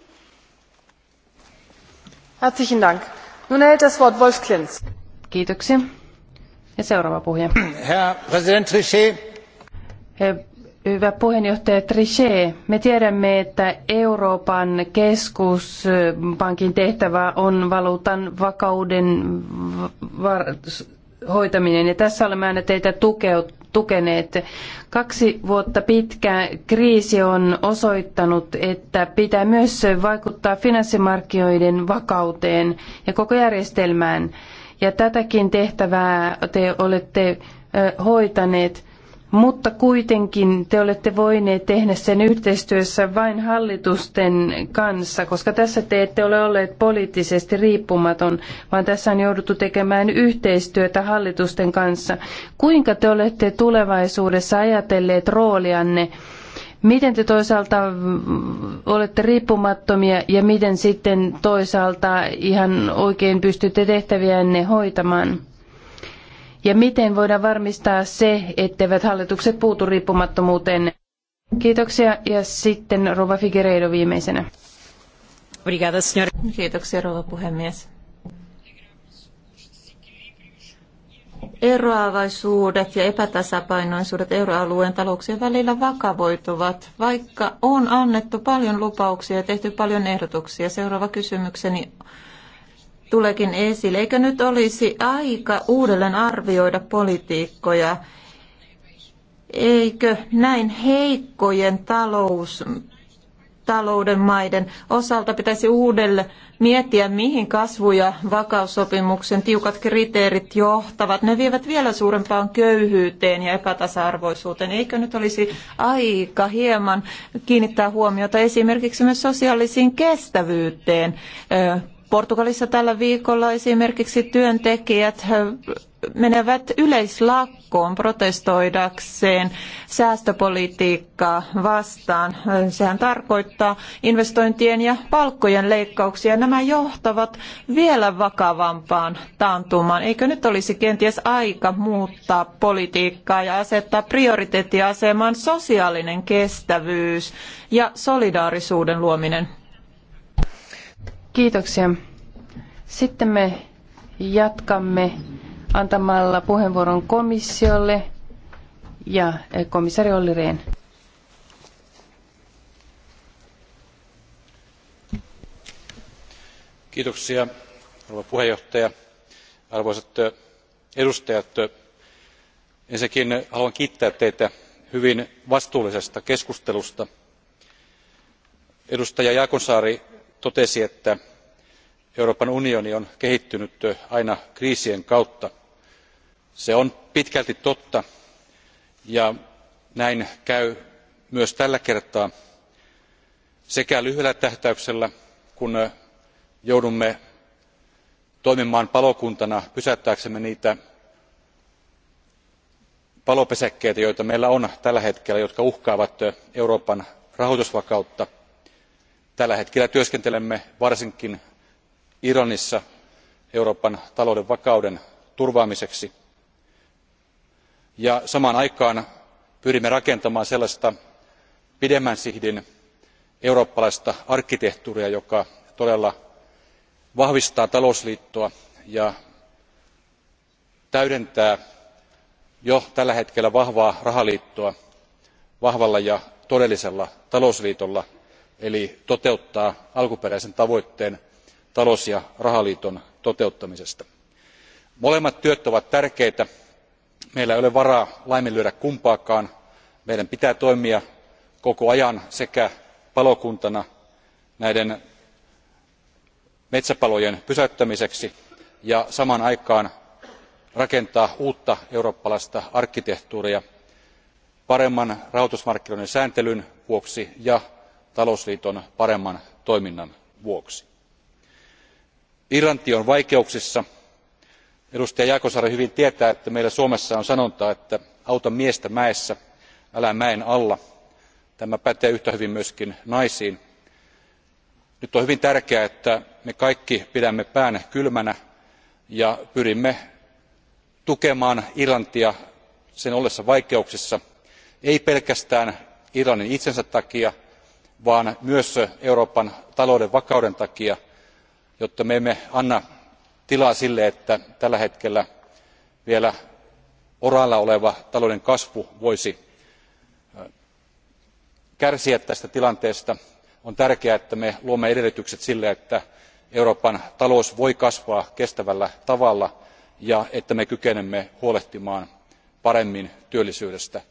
Speaker 3: Herr
Speaker 2: Trichet.
Speaker 1: Hyvä puheenjohtaja Trichet, me tiedämme, että Euroopan keskuspankin tehtävä on valuutan vakauden hoitaminen. Ja tässä olemme aina teitä tukeneet tukeneet. Kaksi vuotta pitkä kriisi on osoittanut, että pitää myös vaikuttaa finanssimarkkinoiden vakauteen ja koko järjestelmään. Ja tätäkin tehtävää te olette hoitaneet mutta kuitenkin te olette voineet tehdä sen yhteistyössä vain hallitusten kanssa, koska tässä te ette ole olleet poliittisesti riippumaton, vaan tässä on jouduttu tekemään yhteistyötä hallitusten kanssa. Kuinka te olette tulevaisuudessa ajatelleet roolianne? Miten te toisaalta olette riippumattomia ja miten sitten toisaalta ihan oikein pystytte tehtäviänne hoitamaan? Ja miten voidaan varmistaa se, etteivät hallitukset puutu
Speaker 6: riippumattomuuteen?
Speaker 1: Kiitoksia. Ja sitten Rova Figueiredo viimeisenä.
Speaker 6: Kiitoksia, rouva puhemies. Eroavaisuudet ja epätasapainoisuudet euroalueen talouksien välillä vakavoituvat, vaikka on annettu paljon lupauksia ja tehty paljon ehdotuksia. Seuraava kysymykseni tuleekin esille. Eikö nyt olisi aika uudelleen arvioida politiikkoja? Eikö näin heikkojen talous, talouden maiden osalta pitäisi uudelle miettiä, mihin kasvu- ja vakaussopimuksen tiukat kriteerit johtavat. Ne vievät vielä suurempaan köyhyyteen ja epätasa-arvoisuuteen. Eikö nyt olisi aika hieman kiinnittää huomiota esimerkiksi myös sosiaalisiin kestävyyteen Portugalissa tällä viikolla esimerkiksi työntekijät menevät yleislakkoon protestoidakseen säästöpolitiikkaa vastaan. Sehän tarkoittaa investointien ja palkkojen leikkauksia. Nämä johtavat vielä vakavampaan taantumaan. Eikö nyt olisi kenties aika muuttaa politiikkaa ja asettaa prioriteettiasemaan sosiaalinen kestävyys ja solidaarisuuden luominen?
Speaker 1: Kiitoksia. Sitten me jatkamme antamalla puheenvuoron komissiolle ja eh, komissaari Olli Rehn.
Speaker 4: Kiitoksia, rouva puheenjohtaja. Arvoisat eh, edustajat, eh, ensinnäkin haluan kiittää teitä hyvin vastuullisesta keskustelusta. Edustaja Jaakonsaari totesi että euroopan unioni on kehittynyt aina kriisien kautta. se on pitkälti totta ja näin käy myös tällä kertaa sekä lyhyellä tähtäyksellä kun joudumme toimimaan palokuntana pysäyttääksemme niitä palopesäkkeitä joita meillä on tällä hetkellä jotka uhkaavat euroopan rahoitusvakautta tällä hetkellä työskentelemme varsinkin irlannissa euroopan talouden vakauden turvaamiseksi ja samaan aikaan pyrimme rakentamaan sellaista pidemmän sihdin eurooppalaista arkkitehtuuria joka todella vahvistaa talousliittoa ja täydentää jo tällä hetkellä vahvaa rahaliittoa vahvalla ja todellisella talousliitolla eli toteuttaa alkuperäisen tavoitteen talous ja rahaliiton toteuttamisesta. molemmat työt ovat tärkeitä. meillä ei ole varaa laiminlyödä kumpaakaan. meidän pitää toimia koko ajan sekä palokuntana näiden metsäpalojen pysäyttämiseksi ja samaan aikaan rakentaa uutta eurooppalaista arkkitehtuuria paremman rahoitusmarkkinoiden sääntelyn vuoksi ja talousliiton paremman toiminnan vuoksi. irlanti on vaikeuksissa. edustaja jaakonsaari hyvin tietää että meillä suomessa on sanonta että auta miestä mäessä älä mäen alla. tämä pätee yhtä hyvin myös naisiin. nyt on hyvin tärkeää että me kaikki pidämme pään kylmänä ja pyrimme tukemaan irlantia sen ollessa vaikeuksissa ei pelkästään irlannin itsensä takia vaan myös euroopan talouden vakauden takia jotta me emme anna tilaa sille että tällä hetkellä vielä oraalla oleva talouden kasvu voisi kärsiä tästä tilanteesta on tärkeää että me luomme edellytykset sille että euroopan talous voi kasvaa kestävällä tavalla ja että me kykenemme huolehtimaan paremmin työllisyydestä.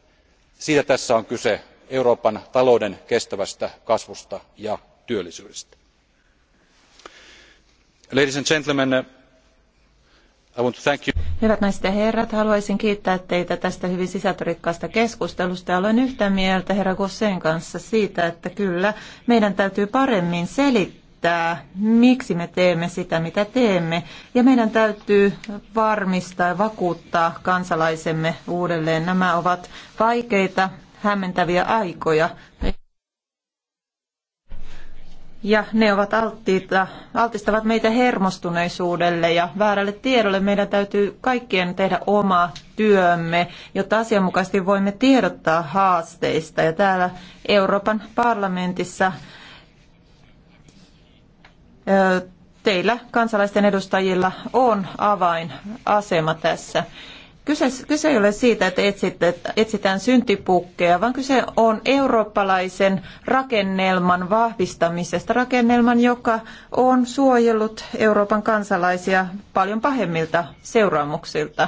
Speaker 4: siitä tässä on kyse euroopan talouden kestävästä kasvusta ja työllisyydestä.
Speaker 6: hyvät naiset ja herrat haluaisin kiittää teitä tästä hyvin sisältörikkaasta keskustelusta ja olen yhtä mieltä herra gauzsn kanssa siitä että kyllä meidän täytyy paremmin selittää miksi me teemme sitä mitä teemme ja meidän täytyy varmistaa ja vakuuttaa kansalaisemme uudelleen. nämä ovat vaikeita hämmentäviä aikoja. Ja ne ovat alttiita, altistavat meitä hermostuneisuudelle ja väärälle tiedolle. Meidän täytyy kaikkien tehdä oma työmme, jotta asianmukaisesti voimme tiedottaa haasteista. Ja täällä Euroopan parlamentissa teillä kansalaisten edustajilla on avainasema tässä. Kyse, kyse ei ole siitä, että etsitään syntipukkeja, vaan kyse on eurooppalaisen rakennelman vahvistamisesta. Rakennelman, joka on suojellut Euroopan kansalaisia paljon pahemmilta seuraamuksilta.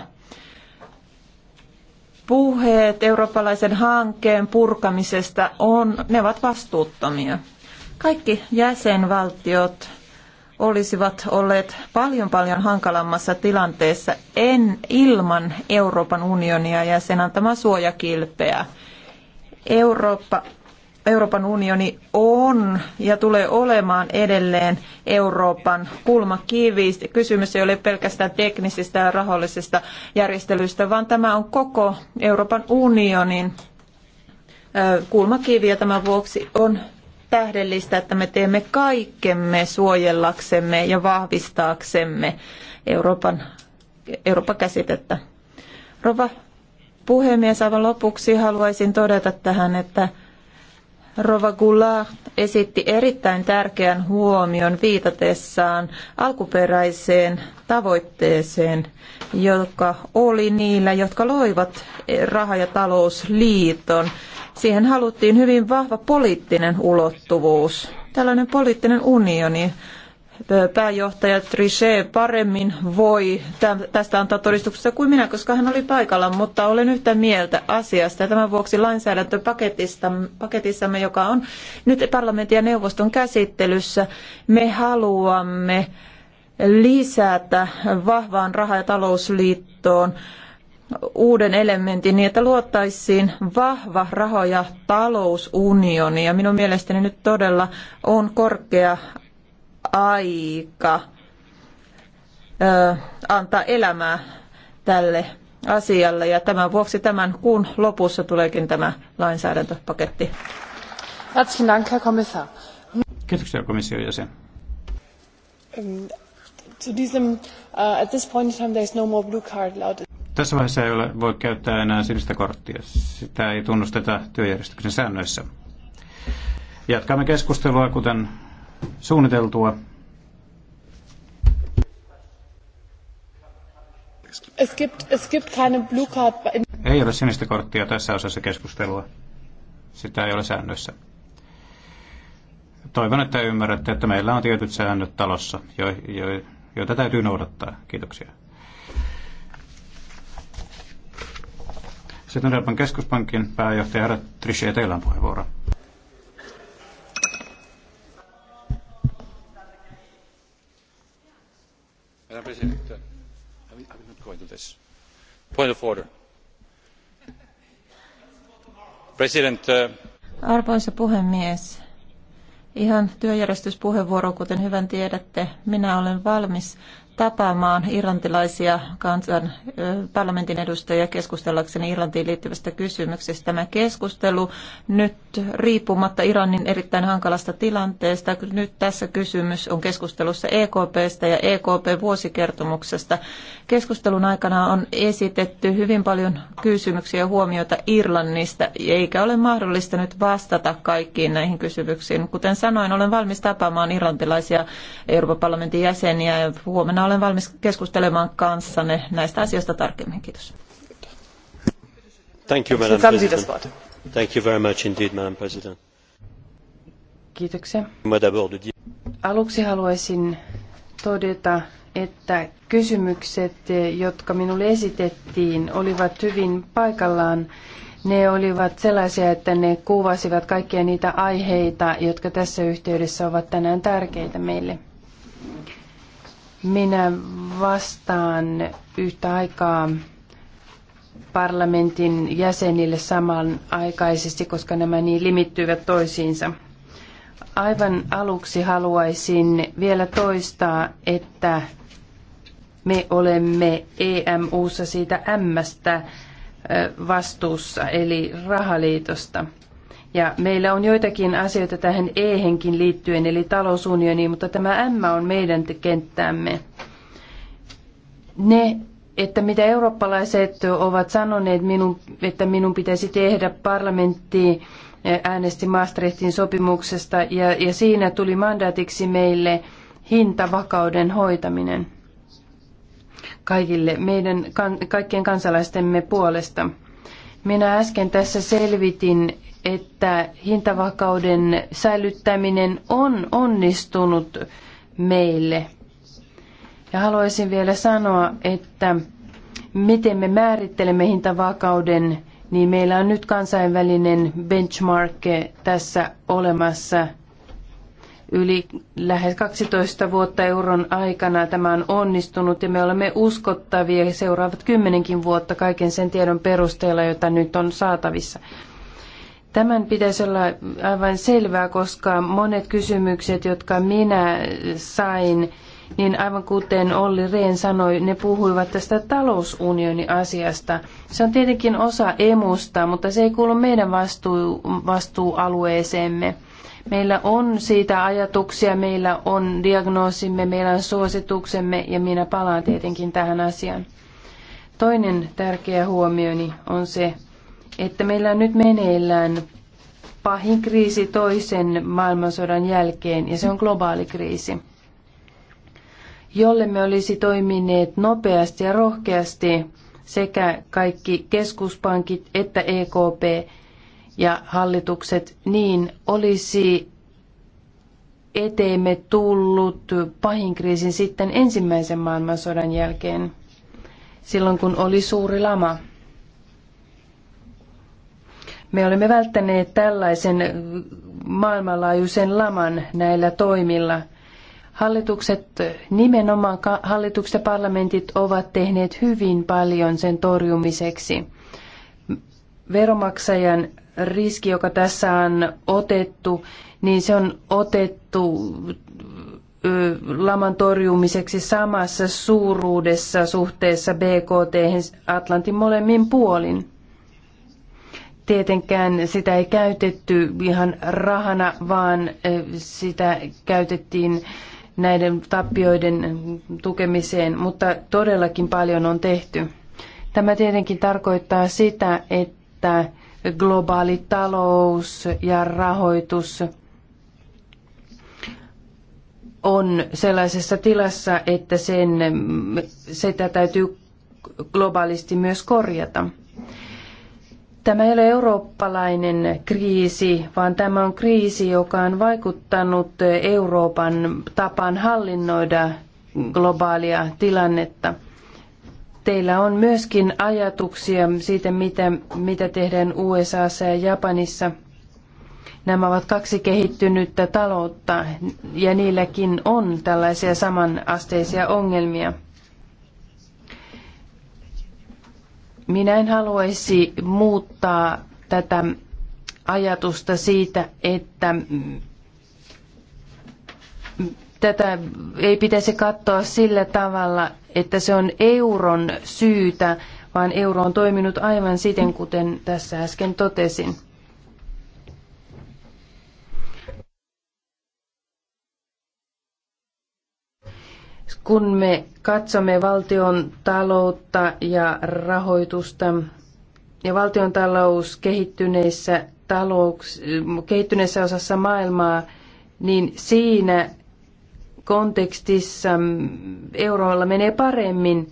Speaker 6: Puheet eurooppalaisen hankkeen purkamisesta on, ne ovat vastuuttomia. Kaikki jäsenvaltiot olisivat olleet paljon paljon hankalammassa tilanteessa en ilman Euroopan unionia ja sen antamaa suojakilpeä. Eurooppa, Euroopan unioni on ja tulee olemaan edelleen Euroopan kulmakivi. Kysymys ei ole pelkästään teknisistä ja rahallisista järjestelyistä, vaan tämä on koko Euroopan unionin kulmakivi ja tämän vuoksi on tähdellistä, että me teemme kaikkemme suojellaksemme ja vahvistaaksemme Euroopan, Euroopan käsitettä. Rova puhemies, aivan lopuksi haluaisin todeta tähän, että Rova Goulart esitti erittäin tärkeän huomion viitatessaan alkuperäiseen tavoitteeseen, joka oli niillä, jotka loivat raha- ja talousliiton. Siihen haluttiin hyvin vahva poliittinen ulottuvuus, tällainen poliittinen unioni. Pääjohtaja Trichet paremmin voi tästä antaa todistuksesta kuin minä, koska hän oli paikalla, mutta olen yhtä mieltä asiasta. Ja tämän vuoksi lainsäädäntöpaketissamme, joka on nyt parlamentin ja neuvoston käsittelyssä, me haluamme lisätä vahvaan raha- ja talousliittoon uuden elementin niin, että luottaisiin vahva raho- ja talousunioni. Ja minun mielestäni nyt todella on korkea aika antaa elämää tälle asialle ja tämän vuoksi tämän kuun lopussa tuleekin tämä lainsäädäntöpaketti. Herzlichen Dank, Herr Kommissar.
Speaker 2: Kiitoksia komission jäsen.
Speaker 3: To ähm, diesem, uh, at this point in time there is no more blue card allowed.
Speaker 2: Tässä vaiheessa ei ole, voi käyttää enää sinistä korttia. Sitä ei tunnusteta työjärjestyksen säännöissä. Jatkamme keskustelua, kuten suunniteltua.
Speaker 3: Es gibt, es gibt keine blue card.
Speaker 2: Ei ole sinistä korttia tässä osassa keskustelua. Sitä ei ole säännöissä. Toivon, että ymmärrätte, että meillä on tietyt säännöt talossa, jo, jo, joita täytyy noudattaa. Kiitoksia. Sitten Euroopan keskuspankin pääjohtaja herra Trichet, teillä on puheenvuoro.
Speaker 4: Uh, Point of order. Uh,
Speaker 6: Arvoisa puhemies, ihan työjärjestyspuheenvuoro, kuten hyvän tiedätte, minä olen valmis tapaamaan irlantilaisia kansan parlamentin edustajia keskustellakseni Irlantiin liittyvästä kysymyksestä. Tämä keskustelu nyt riippumatta Iranin erittäin hankalasta tilanteesta, nyt tässä kysymys on keskustelussa EKPstä ja EKP-vuosikertomuksesta. Keskustelun aikana on esitetty hyvin paljon kysymyksiä ja huomioita Irlannista, eikä ole mahdollista nyt vastata kaikkiin näihin kysymyksiin. Kuten sanoin, olen valmis tapaamaan irlantilaisia Euroopan parlamentin jäseniä ja huomenna minä olen valmis keskustelemaan kanssanne näistä asioista tarkemmin. Kiitos.
Speaker 2: Thank you, Madam President. Thank you very much indeed, Madam President.
Speaker 6: Kiitoksia.
Speaker 1: Aluksi haluaisin todeta, että kysymykset, jotka minulle esitettiin, olivat hyvin paikallaan. Ne olivat sellaisia, että ne kuvasivat kaikkia niitä aiheita, jotka tässä yhteydessä ovat tänään tärkeitä meille. Minä vastaan yhtä aikaa parlamentin jäsenille samanaikaisesti, koska nämä niin limittyvät toisiinsa. Aivan aluksi haluaisin vielä toistaa, että me olemme EMUssa siitä Mstä vastuussa, eli rahaliitosta. Ja meillä on joitakin asioita tähän E-henkin liittyen, eli talousunioniin, mutta tämä M on meidän kenttämme. Ne, että mitä eurooppalaiset ovat sanoneet, minun, että minun pitäisi tehdä parlamenttiin, eh, äänesti Maastrichtin sopimuksesta ja, ja siinä tuli mandaatiksi meille hintavakauden hoitaminen kaikille meidän, kaikkien kansalaistemme puolesta. Minä äsken tässä selvitin että hintavakauden säilyttäminen on onnistunut meille. Ja haluaisin vielä sanoa, että miten me määrittelemme hintavakauden, niin meillä on nyt kansainvälinen benchmark tässä olemassa yli lähes 12 vuotta euron aikana tämä on onnistunut ja me olemme uskottavia seuraavat kymmenenkin vuotta kaiken sen tiedon perusteella, jota nyt on saatavissa. Tämän pitäisi olla aivan selvää, koska monet kysymykset, jotka minä sain, niin aivan kuten Olli Rehn sanoi, ne puhuivat tästä talousunionin asiasta. Se on tietenkin osa emusta, mutta se ei kuulu meidän vastuu, vastuualueeseemme. Meillä on siitä ajatuksia, meillä on diagnoosimme, meillä on suosituksemme ja minä palaan tietenkin tähän asiaan. Toinen tärkeä huomioni on se, että meillä on nyt meneillään pahin kriisi toisen maailmansodan jälkeen ja se on globaali kriisi. Jolle me olisi toimineet nopeasti ja rohkeasti sekä kaikki keskuspankit että EKP ja hallitukset, niin olisi eteemme tullut pahin kriisin sitten ensimmäisen maailmansodan jälkeen, silloin kun oli suuri lama. Me olemme välttäneet tällaisen maailmanlaajuisen laman näillä toimilla. Hallitukset, nimenomaan hallitukset ja parlamentit ovat tehneet hyvin paljon sen torjumiseksi. Veromaksajan riski, joka tässä on otettu, niin se on otettu laman torjumiseksi samassa suuruudessa suhteessa BKT Atlantin molemmin puolin. Tietenkään sitä ei käytetty ihan rahana, vaan sitä käytettiin näiden tappioiden tukemiseen, mutta todellakin paljon on tehty. Tämä tietenkin tarkoittaa sitä, että globaali talous ja rahoitus on sellaisessa tilassa, että sen, sitä täytyy globaalisti myös korjata. Tämä ei ole eurooppalainen kriisi, vaan tämä on kriisi, joka on vaikuttanut Euroopan tapaan hallinnoida globaalia tilannetta. Teillä on myöskin ajatuksia siitä, mitä, mitä tehdään USAssa ja Japanissa. Nämä ovat kaksi kehittynyttä taloutta ja niilläkin on tällaisia samanasteisia ongelmia. Minä en haluaisi muuttaa tätä ajatusta siitä, että tätä ei pitäisi katsoa sillä tavalla, että se on euron syytä, vaan euro on toiminut aivan siten, kuten tässä äsken totesin. Kun me katsomme valtion taloutta ja rahoitusta ja valtion talous kehittyneissä, talouks, kehittyneissä osassa maailmaa, niin siinä kontekstissa euroilla menee paremmin.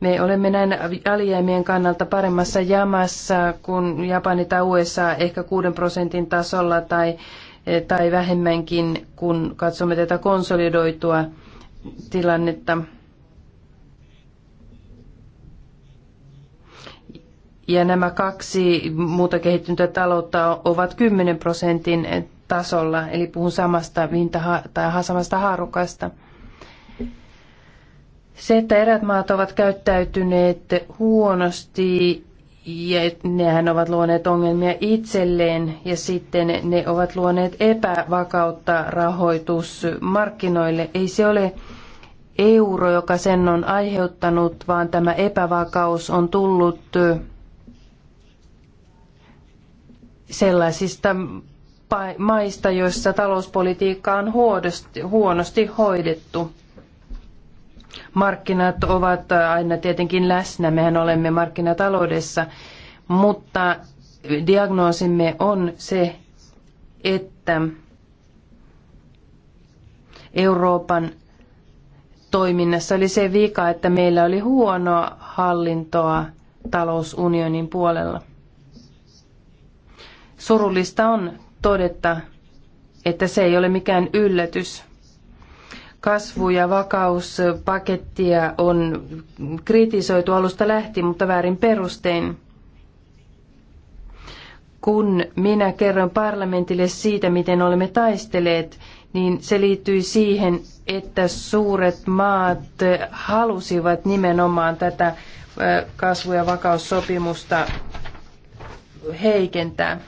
Speaker 1: Me olemme näin alijäämien kannalta paremmassa jamassa kuin Japani tai USA ehkä 6 prosentin tasolla tai, tai vähemmänkin, kun katsomme tätä konsolidoitua tilannetta. Ja nämä kaksi muuta kehittynyttä taloutta ovat 10 prosentin tasolla, eli puhun samasta vinta- tai samasta haarukasta. Se, että erät maat ovat käyttäytyneet huonosti ja nehän ovat luoneet ongelmia itselleen ja sitten ne ovat luoneet epävakautta rahoitusmarkkinoille. Ei se ole euro, joka sen on aiheuttanut, vaan tämä epävakaus on tullut sellaisista maista, joissa talouspolitiikka on huonosti hoidettu. Markkinat ovat aina tietenkin läsnä, mehän olemme markkinataloudessa, mutta diagnoosimme on se, että Euroopan toiminnassa oli se vika, että meillä oli huonoa hallintoa talousunionin puolella. Surullista on todeta, että se ei ole mikään yllätys kasvu- ja vakauspakettia on kritisoitu alusta lähtien, mutta väärin perustein. Kun minä kerron parlamentille siitä, miten olemme taisteleet, niin se liittyi siihen, että suuret maat halusivat nimenomaan tätä kasvu- ja vakaussopimusta heikentää.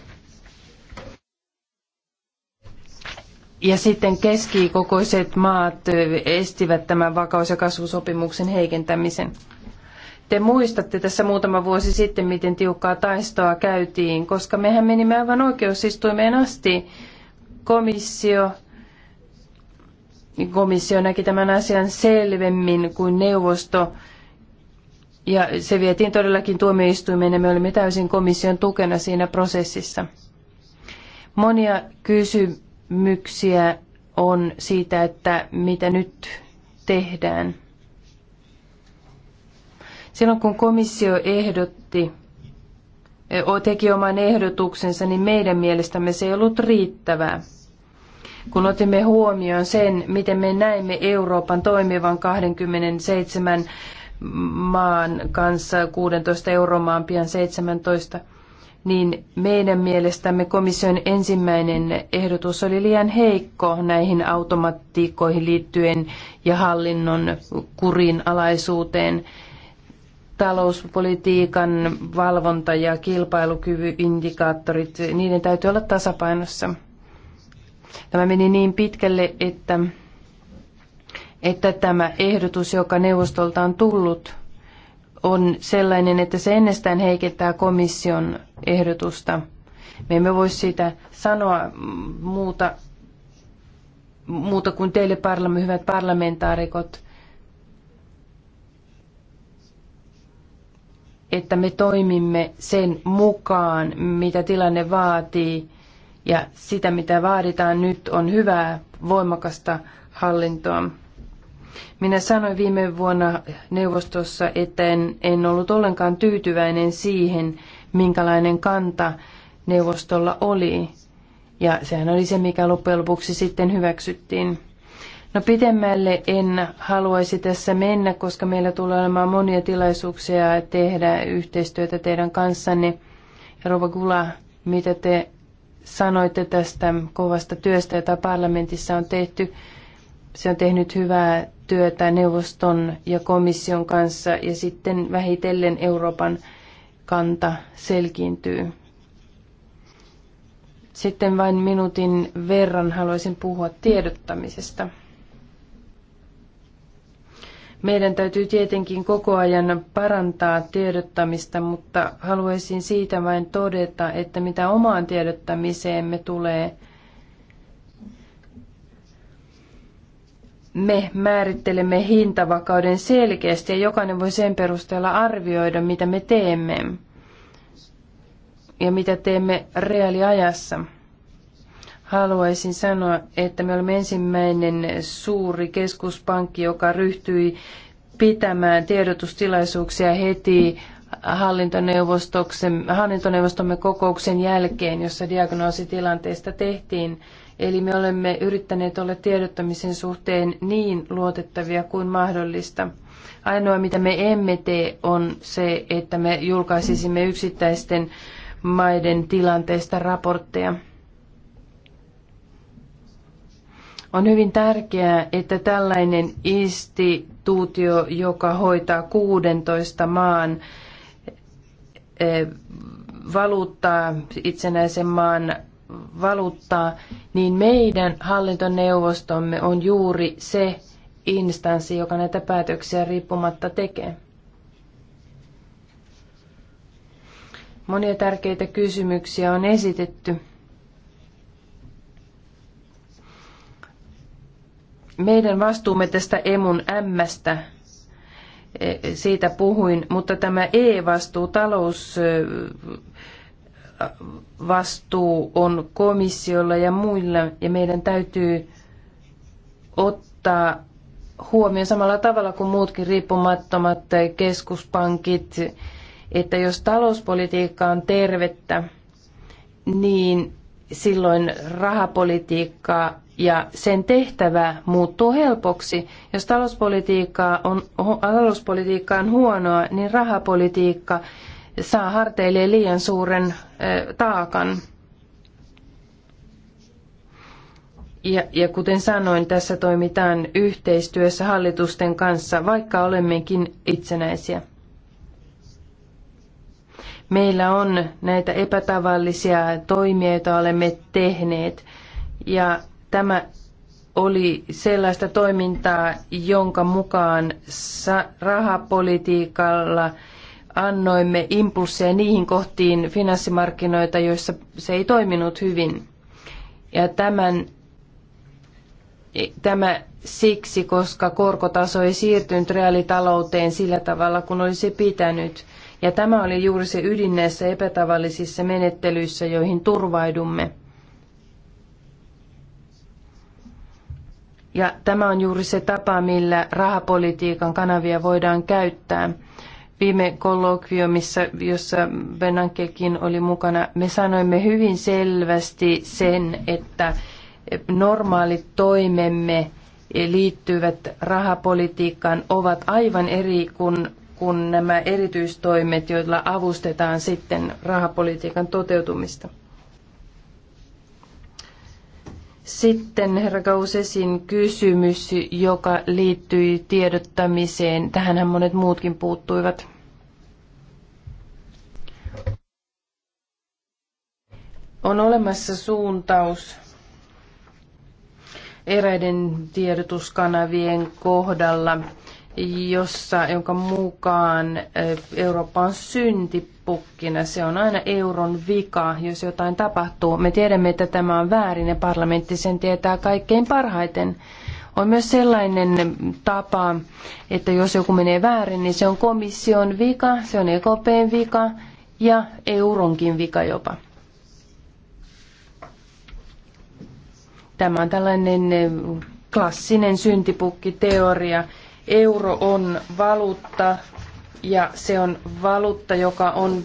Speaker 1: Ja sitten keskikokoiset maat estivät tämän vakaus- ja kasvusopimuksen heikentämisen. Te muistatte tässä muutama vuosi sitten, miten tiukkaa taistoa käytiin, koska mehän menimme aivan oikeusistuimeen asti. Komissio, komissio näki tämän asian selvemmin kuin neuvosto. Ja se vietiin todellakin tuomioistuimeen ja me olimme täysin komission tukena siinä prosessissa. Monia kysymyksiä kysymyksiä on siitä, että mitä nyt tehdään. Silloin kun komissio ehdotti, teki oman ehdotuksensa, niin meidän mielestämme se ei ollut riittävää. Kun otimme huomioon sen, miten me näimme Euroopan toimivan 27 maan kanssa, 16 euromaan pian 17, niin meidän mielestämme komission ensimmäinen ehdotus oli liian heikko näihin automatiikkoihin liittyen ja hallinnon kurin alaisuuteen. Talouspolitiikan valvonta ja kilpailukyvyindikaattorit, niiden täytyy olla tasapainossa. Tämä meni niin pitkälle, että, että tämä ehdotus, joka neuvostolta on tullut, on sellainen, että se ennestään heikentää komission ehdotusta. Me emme voi siitä sanoa muuta, muuta kuin teille parlam- hyvät parlamentaarikot, että me toimimme sen mukaan, mitä tilanne vaatii ja sitä, mitä vaaditaan nyt, on hyvää, voimakasta hallintoa. Minä sanoin viime vuonna neuvostossa, että en, en ollut ollenkaan tyytyväinen siihen, minkälainen kanta neuvostolla oli. Ja sehän oli se, mikä loppujen lopuksi sitten hyväksyttiin. No pidemmälle en haluaisi tässä mennä, koska meillä tulee olemaan monia tilaisuuksia tehdä yhteistyötä teidän kanssanne. Ja Rova Gula, mitä te sanoitte tästä kovasta työstä, jota parlamentissa on tehty. Se on tehnyt hyvää työtä neuvoston ja komission kanssa ja sitten vähitellen Euroopan kanta selkiintyy. Sitten vain minuutin verran haluaisin puhua tiedottamisesta. Meidän täytyy tietenkin koko ajan parantaa tiedottamista, mutta haluaisin siitä vain todeta, että mitä omaan tiedottamiseemme tulee – me määrittelemme hintavakauden selkeästi ja jokainen voi sen perusteella arvioida, mitä me teemme ja mitä teemme reaaliajassa. Haluaisin sanoa, että me olemme ensimmäinen suuri keskuspankki, joka ryhtyi pitämään tiedotustilaisuuksia heti hallintoneuvostomme kokouksen jälkeen, jossa diagnoositilanteesta tehtiin Eli me olemme yrittäneet olla tiedottamisen suhteen niin luotettavia kuin mahdollista. Ainoa, mitä me emme tee, on se, että me julkaisisimme yksittäisten maiden tilanteesta raportteja. On hyvin tärkeää, että tällainen instituutio, joka hoitaa 16 maan eh, valuuttaa, itsenäisen maan valuuttaa, niin meidän hallintoneuvostomme on juuri se instanssi, joka näitä päätöksiä riippumatta tekee. Monia tärkeitä kysymyksiä on esitetty. Meidän vastuumme tästä emun ämmästä e, siitä puhuin, mutta tämä E-vastuu talous, vastuu on komissiolla ja muilla, ja meidän täytyy ottaa huomioon samalla tavalla kuin muutkin riippumattomat keskuspankit, että jos talouspolitiikka on tervettä, niin silloin rahapolitiikka ja sen tehtävä muuttuu helpoksi. Jos talouspolitiikka on, talouspolitiikka on huonoa, niin rahapolitiikka saa harteilleen liian suuren taakan. Ja, ja kuten sanoin, tässä toimitaan yhteistyössä hallitusten kanssa, vaikka olemmekin itsenäisiä. Meillä on näitä epätavallisia toimia, joita olemme tehneet, ja tämä oli sellaista toimintaa, jonka mukaan rahapolitiikalla – annoimme impulsseja niihin kohtiin finanssimarkkinoita, joissa se ei toiminut hyvin. Ja tämän, tämä siksi, koska korkotaso ei siirtynyt reaalitalouteen sillä tavalla, kun olisi pitänyt. Ja tämä oli juuri se ydin näissä epätavallisissa menettelyissä, joihin turvaidumme. Ja tämä on juuri se tapa, millä rahapolitiikan kanavia voidaan käyttää – viime kollokviumissa, jossa Benankekin oli mukana, me sanoimme hyvin selvästi sen, että normaalit toimemme liittyvät rahapolitiikkaan ovat aivan eri kuin, kuin nämä erityistoimet, joilla avustetaan sitten rahapolitiikan toteutumista. Sitten herra Gausesin kysymys, joka liittyi tiedottamiseen. Tähänhän monet muutkin puuttuivat. On olemassa suuntaus eräiden tiedotuskanavien kohdalla jossa, jonka mukaan Eurooppa on syntipukkina. Se on aina euron vika, jos jotain tapahtuu. Me tiedämme, että tämä on väärin ja parlamentti sen tietää kaikkein parhaiten. On myös sellainen tapa, että jos joku menee väärin, niin se on komission vika, se on EKPn vika ja euronkin vika jopa. Tämä on tällainen klassinen syntipukkiteoria, Euro on valuutta ja se on valuutta, joka on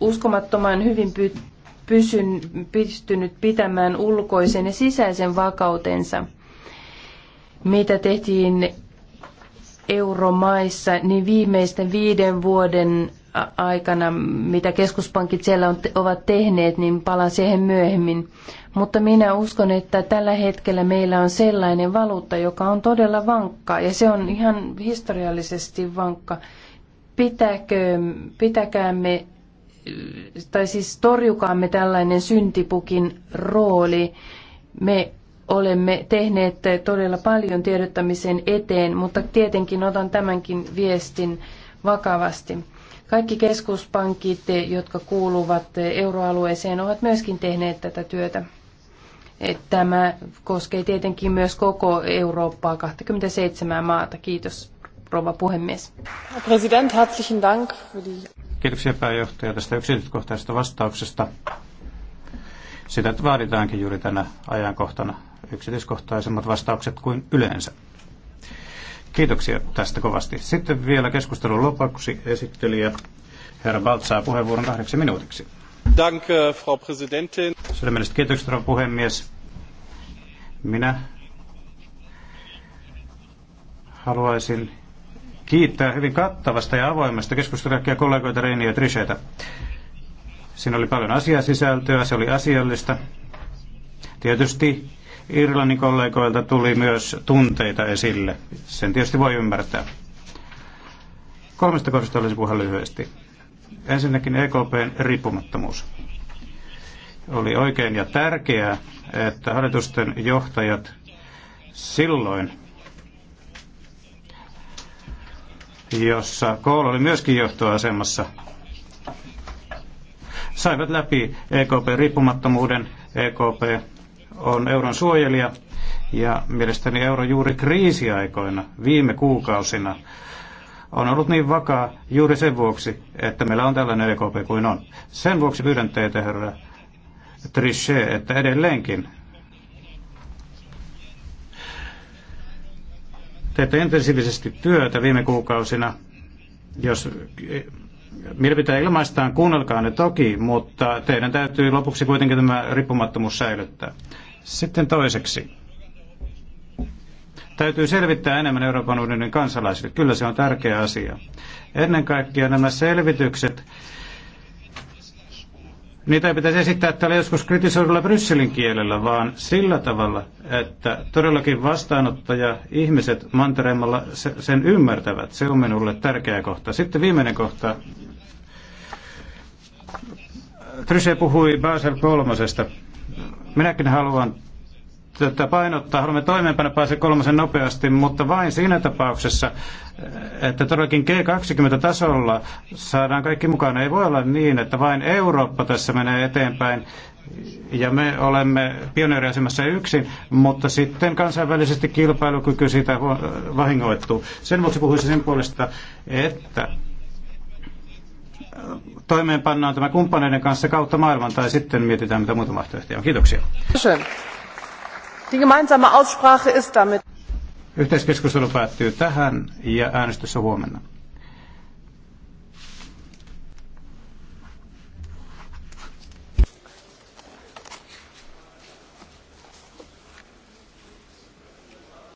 Speaker 1: uskomattoman hyvin pysyn, pystynyt pitämään ulkoisen ja sisäisen vakautensa. Mitä tehtiin euromaissa, niin viimeisten viiden vuoden aikana, mitä keskuspankit siellä on, ovat tehneet, niin palaan siihen myöhemmin. Mutta minä uskon, että tällä hetkellä meillä on sellainen valuutta, joka on todella vankka ja se on ihan historiallisesti vankka. Pitääkö, pitäkäämme tai siis torjukaamme tällainen syntipukin rooli. Me olemme tehneet todella paljon tiedottamisen eteen, mutta tietenkin otan tämänkin viestin vakavasti. Kaikki keskuspankit, jotka kuuluvat euroalueeseen, ovat myöskin tehneet tätä työtä. Tämä koskee tietenkin myös koko Eurooppaa, 27 maata. Kiitos, rouva puhemies.
Speaker 3: President, herzlichen Dank.
Speaker 2: Kiitoksia pääjohtaja tästä yksityiskohtaisesta vastauksesta. Sitä vaaditaankin juuri tänä ajankohtana yksityiskohtaisemmat vastaukset kuin yleensä. Kiitoksia tästä kovasti. Sitten vielä keskustelun lopuksi esittelijä herra Balt saa puheenvuoron kahdeksi minuutiksi.
Speaker 5: Danke, Frau Präsidentin.
Speaker 2: Sydämelliset kiitokset, rouva puhemies. Minä haluaisin kiittää hyvin kattavasta ja avoimesta keskustelusta kollegoita reini ja Trisheitä. Siinä oli paljon asiasisältöä, se oli asiallista. Tietysti Irlannin kollegoilta tuli myös tunteita esille. Sen tietysti voi ymmärtää. Kolmesta kohdasta olisi puhua lyhyesti. Ensinnäkin EKPn riippumattomuus. Oli oikein ja tärkeää, että hallitusten johtajat silloin, jossa Kool oli myöskin johtoasemassa, saivat läpi EKP-riippumattomuuden. EKP on euron suojelija ja mielestäni euro juuri kriisiaikoina, viime kuukausina, on ollut niin vakaa juuri sen vuoksi, että meillä on tällainen EKP kuin on. Sen vuoksi pyydän teitä, herra Trichet, että edelleenkin teette intensiivisesti työtä viime kuukausina. Jos eh, pitää ilmaistaan, kuunnelkaa ne toki, mutta teidän täytyy lopuksi kuitenkin tämä riippumattomuus säilyttää. Sitten toiseksi. Täytyy selvittää enemmän Euroopan unionin kansalaisille. Kyllä se on tärkeä asia. Ennen kaikkea nämä selvitykset niitä ei pitäisi esittää täällä joskus kritisoidulla Brysselin kielellä, vaan sillä tavalla, että todellakin vastaanottaja ihmiset mantereemmalla sen ymmärtävät. Se on minulle tärkeä kohta. Sitten viimeinen kohta. Tryse puhui Basel kolmosesta. Minäkin haluan tätä painottaa. Haluamme toimeenpana pääse kolmosen nopeasti, mutta vain siinä tapauksessa, että todellakin G20-tasolla saadaan kaikki mukaan. Ei voi olla niin, että vain Eurooppa tässä menee eteenpäin ja me olemme pioneeriasemassa yksin, mutta sitten kansainvälisesti kilpailukyky siitä vahingoittuu. Sen vuoksi puhuisin sen puolesta, että toimeenpannaan tämä kumppaneiden kanssa kautta maailman tai sitten mietitään mitä muuta vaihtoehtoja on. Kiitoksia.
Speaker 3: Die gemeinsame Aussprache ist
Speaker 2: damit. Yhteiskeskustelu päättyy tähän ja äänestys on huomenna.